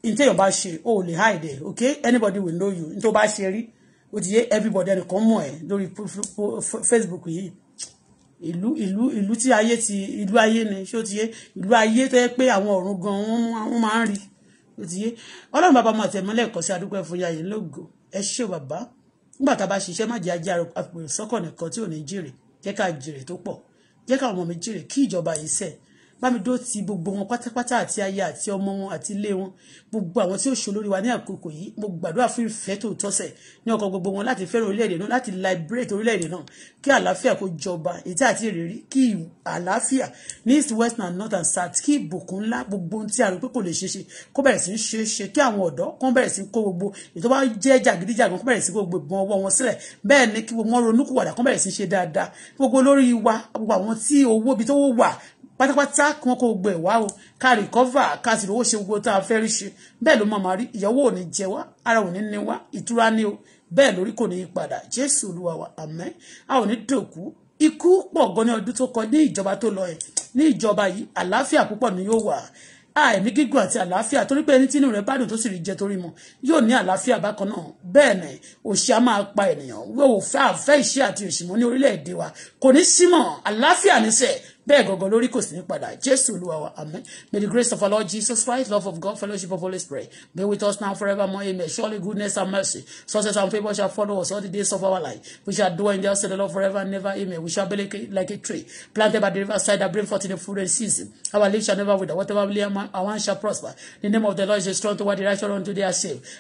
n téèyàn bá ṣe o ò lè hide ẹ̀ okay anybody will know you n tó bá ṣe rí o ti yé everybody ẹnìkan mọ̀ ẹ́ lórí Facebook yìí ìlú ìlú ìlú tí ayé ti ìlú ayé ni ṣé o ti yé ìlú ayé tó yẹ pé àwọn ọ̀run gan-an wọ́n máa ń rí o ti yé ọlọ́run bàbá ọmọ àti ẹ̀mọ́lẹ̀ ẹ̀kọ́ sí adúpẹ́ fún yàyẹ̀ lógo ẹ ṣé bàbá nígbà tá a bá ṣiṣẹ́ má jẹ́ ajé àpò ìsọ́kọ̀ nìkan tí ò ní jèrè jẹ́ ká jèrè tó pọ̀ jẹ́ káwọn ọmọ mi jèrè kí ìjọba yìí sẹ́ẹ̀ bámi dó ti gbogbo wọn pátápátá àti aya àti ọmọ wọn àti ilé wọn gbogbo àwọn tí ó ṣe olórí wa ní àkókò yìí mo gbàdúrà fún ìfẹ́ tó tọ́sẹ̀ ní ọkọ̀ gbogbo wọn láti fẹ́ràn orílẹ̀-èdè náà láti liberate orílẹ̀-èdè náà kí àlàáfíà kó jọba ètí àti ìrírí kí àlàáfíà ní east west and north and south kí ìbùkún ńlá gbogbo ohun tí a rò pé kò lè ṣe ṣe kó bẹ̀rẹ̀ sí í ṣe é ṣe kí àwọn ọ̀dọ́ kó bẹ̀rẹ̀ sí í kó gbogbo ètò bá jẹ́ jàgídíjàgan kó bẹ̀rẹ̀ sí í kó gbogbo ọwọ́ wọn sílẹ̀ bẹ́ẹ̀ ni kí wọ́n ronúkúwàdà kó bẹ̀rẹ̀ sí ṣe dáadáa gbogbo olórí wa gbogbo àwọn tí owó ibi tó wà pátápátá kí wọ́n kó gbogbo ẹ̀ wá o ká rìkọ́fà ká sì lówó ṣe gbogbo tá a fẹ́ rí ṣe bẹ́ẹ̀ ló máa rí ìyàwó ò ní jẹ wá ara ò ní ní wá ìtura ní o bẹ́ẹ̀ lórí kò ní í padà jésù olúwa wa àmín a ò ní dòkú ikú pọ̀ gan ní ọdún tó kọ ní ìjọba tó lọ ẹ̀ ní ìjọba yìí àlàáfíà púpọ̀ ni yóò wà àìní gígùn àti àlàáfíà torí pé ẹni tí inú rẹ̀ bá dùn tó sì rí jẹ torí mọ́ yóò ní àlàáfíà bákan náà bẹ́ẹ̀ ni òṣì máa pa ènìyàn wọ́n ò fẹ́ àfẹ́ ìṣe àti òṣì ní orílẹ̀-èdè wa kò ní símọ̀ àlàáfíà níṣẹ́ bẹ́ẹ̀ gangan lórí jésù olúwa amen may the grace of our lord jesus christ love of god fellowship of holy spirit be with us now forevermore amen surely goodness and mercy success and favour shall follow us all the days of our life we shall dwell in the house of the lord forever and never, amen we shall be like a, like a tree planted by the riverside that bring forth in the fruit and season our leaf shall never wither whatever we lay our hand shall prosper the name of the lord is a strong toward the righteous unto their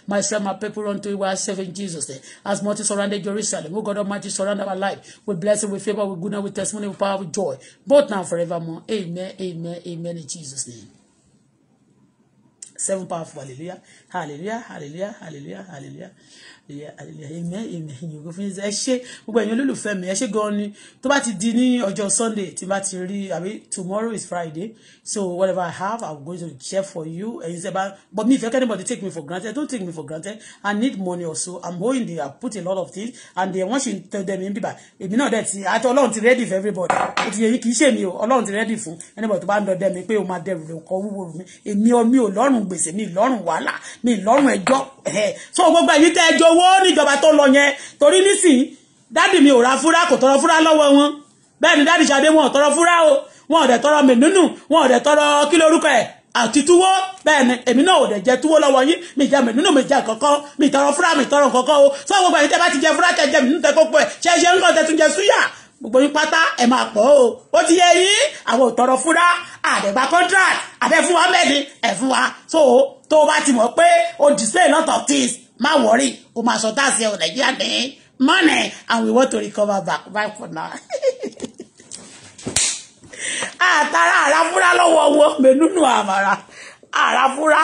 My myself my people unto we are saved jesus name as much as surrounded jerusalem o god almighty surround our life with blessing with favour with goodness with testimony with power with joy both now and forevermore. Amen, amen, amen in Jesus' name. Seven powerful hallelujah, hallelujah, hallelujah, hallelujah, hallelujah ẹ̀yìn ògùn ẹ ṣé gbogbo ẹ̀yin olólùfẹ́ mi ẹ ṣé gan ni tó bá ti di ní ọjọ́ sunday tí bá ti rí àbí tomorrow is friday so whatever i have i'm going to share for you ẹ̀yin sẹ́ bá but me if anybody take me for granted don't take me for granted i need money also i'm going there, i put a lot of things and then once you tell them in bíbá èmi náà dẹ̀ ti àti ọlọ́run ti ready for everybody ó ti yẹ yín kì í ṣe mi o ọlọ́run ti ready fún anybody tó bá ń dọdẹ mi pé o máa dẹrù lóko wúwo mi èmi o mi ò lọ́rùn gbèsè mi lọ́rùn wàhálà mi lọ́rùn ẹjọ́ so gbogbo ẹ̀yin tẹ́ ẹjọ́ w lọ́wọ́ níjọba tó lọ yẹn torí nísìnyí dáàdì mi ò ra fúrá kò tọrọ fúrá lọ́wọ́ wọn bẹ́ẹ̀ ni dáàdì Ṣadé wọn ò tọrọ fúrá o wọn ò dẹ̀ tọrọ mẹ̀núnù wọn ò dẹ̀ tọrọ kí lórúkọ ẹ̀ àti túwó bẹ́ẹ̀ ni èmi náà ò dẹ̀ jẹ túwó lọ́wọ́ yín mi jẹ mẹ̀núnù mi jẹ kankan mi tọrọ fúrá mi tọrọ kankan o sọ gbogbo ẹ̀yin tẹ́ bá ti jẹ fúrá tẹ́ jẹ mẹ̀núnù tẹ́ kó pẹ́ ṣe ṣe nǹkan tẹ́ tún jẹ súyà gbogbo yín pátá ẹ̀ máa pọ̀ o ó ti yẹ yín àwọn ò tọrọ fúrá àdẹ̀gbà contract àbẹ́ fún wa mẹ́ni ẹ̀ so tó o bá ti mọ̀ pé o display lot of Ma worry, o máa sọ táàsì ọ̀ nàìjíríà ní money and we want to recover back back for now. àtàrà àràfúrá lọ́wọ́ owó mẹ́núnú àmàrà àràfúrá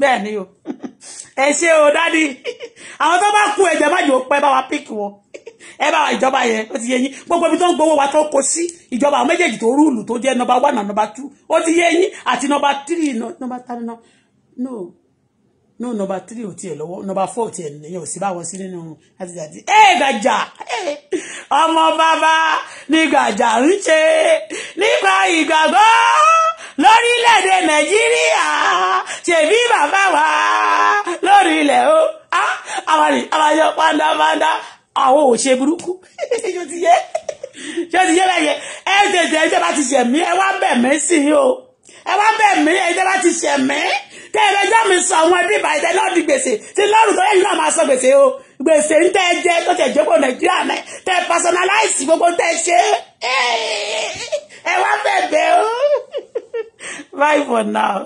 bẹ́ẹ̀ ni o ẹ ṣe o dádì àwọn tó bá kú ẹ̀jẹ̀ má jò pẹ́ bá wa píkì wọn ẹ bá ìjọba yẹn ó ti yé yín gbogbo ibi tó ń gbowó wa tó kó sí ìjọba àwọn méjèèjì tó rúùlù tó jẹ́ number one and number two ó ti yé yín àti nọ́mbà three number three no no number three ò tiẹ̀ lọ́wọ́ nọmba four ò tiẹ̀ nìyẹn ò sí báwọn sí nínú láti dàdí ẹ gbàjà ọmọ bàbá ní gbàjà ń ṣe nípa ìgbàgbọ́ lórílẹ̀‐èdè nàìjíríà ṣèbí bàbá wa lórílẹ̀ o àwàlì àwàjọ pandapanda àwọn ò ṣe burúkú yóò ti yẹ yóò ti yẹ bẹ́ẹ̀ yẹ ẹ tètè ẹ jẹ́ bá ti ṣẹ̀mí ẹ wá bẹ̀ mẹ́sìn o ẹ wá bẹ́ẹ̀ mí ẹ̀jẹ̀ bá ti ṣẹ̀ mí tẹ́ ẹ lọ́jọ́ mi sọ àwọn ẹbí ìbàdí tẹ́ lọ́ọ̀dì gbèsè tí lọ́rùn tó yẹn náà máa sọ gbèsè o gbèsè ń tẹ́ ẹ jẹ́ tó tẹ̀ jókòó nàìjíríà mẹ́ tẹ́ ẹ personalize gbogbo tẹ́ ẹ ṣe ẹ wá bẹ́ẹ̀ bẹ́ẹ̀ o bye for now.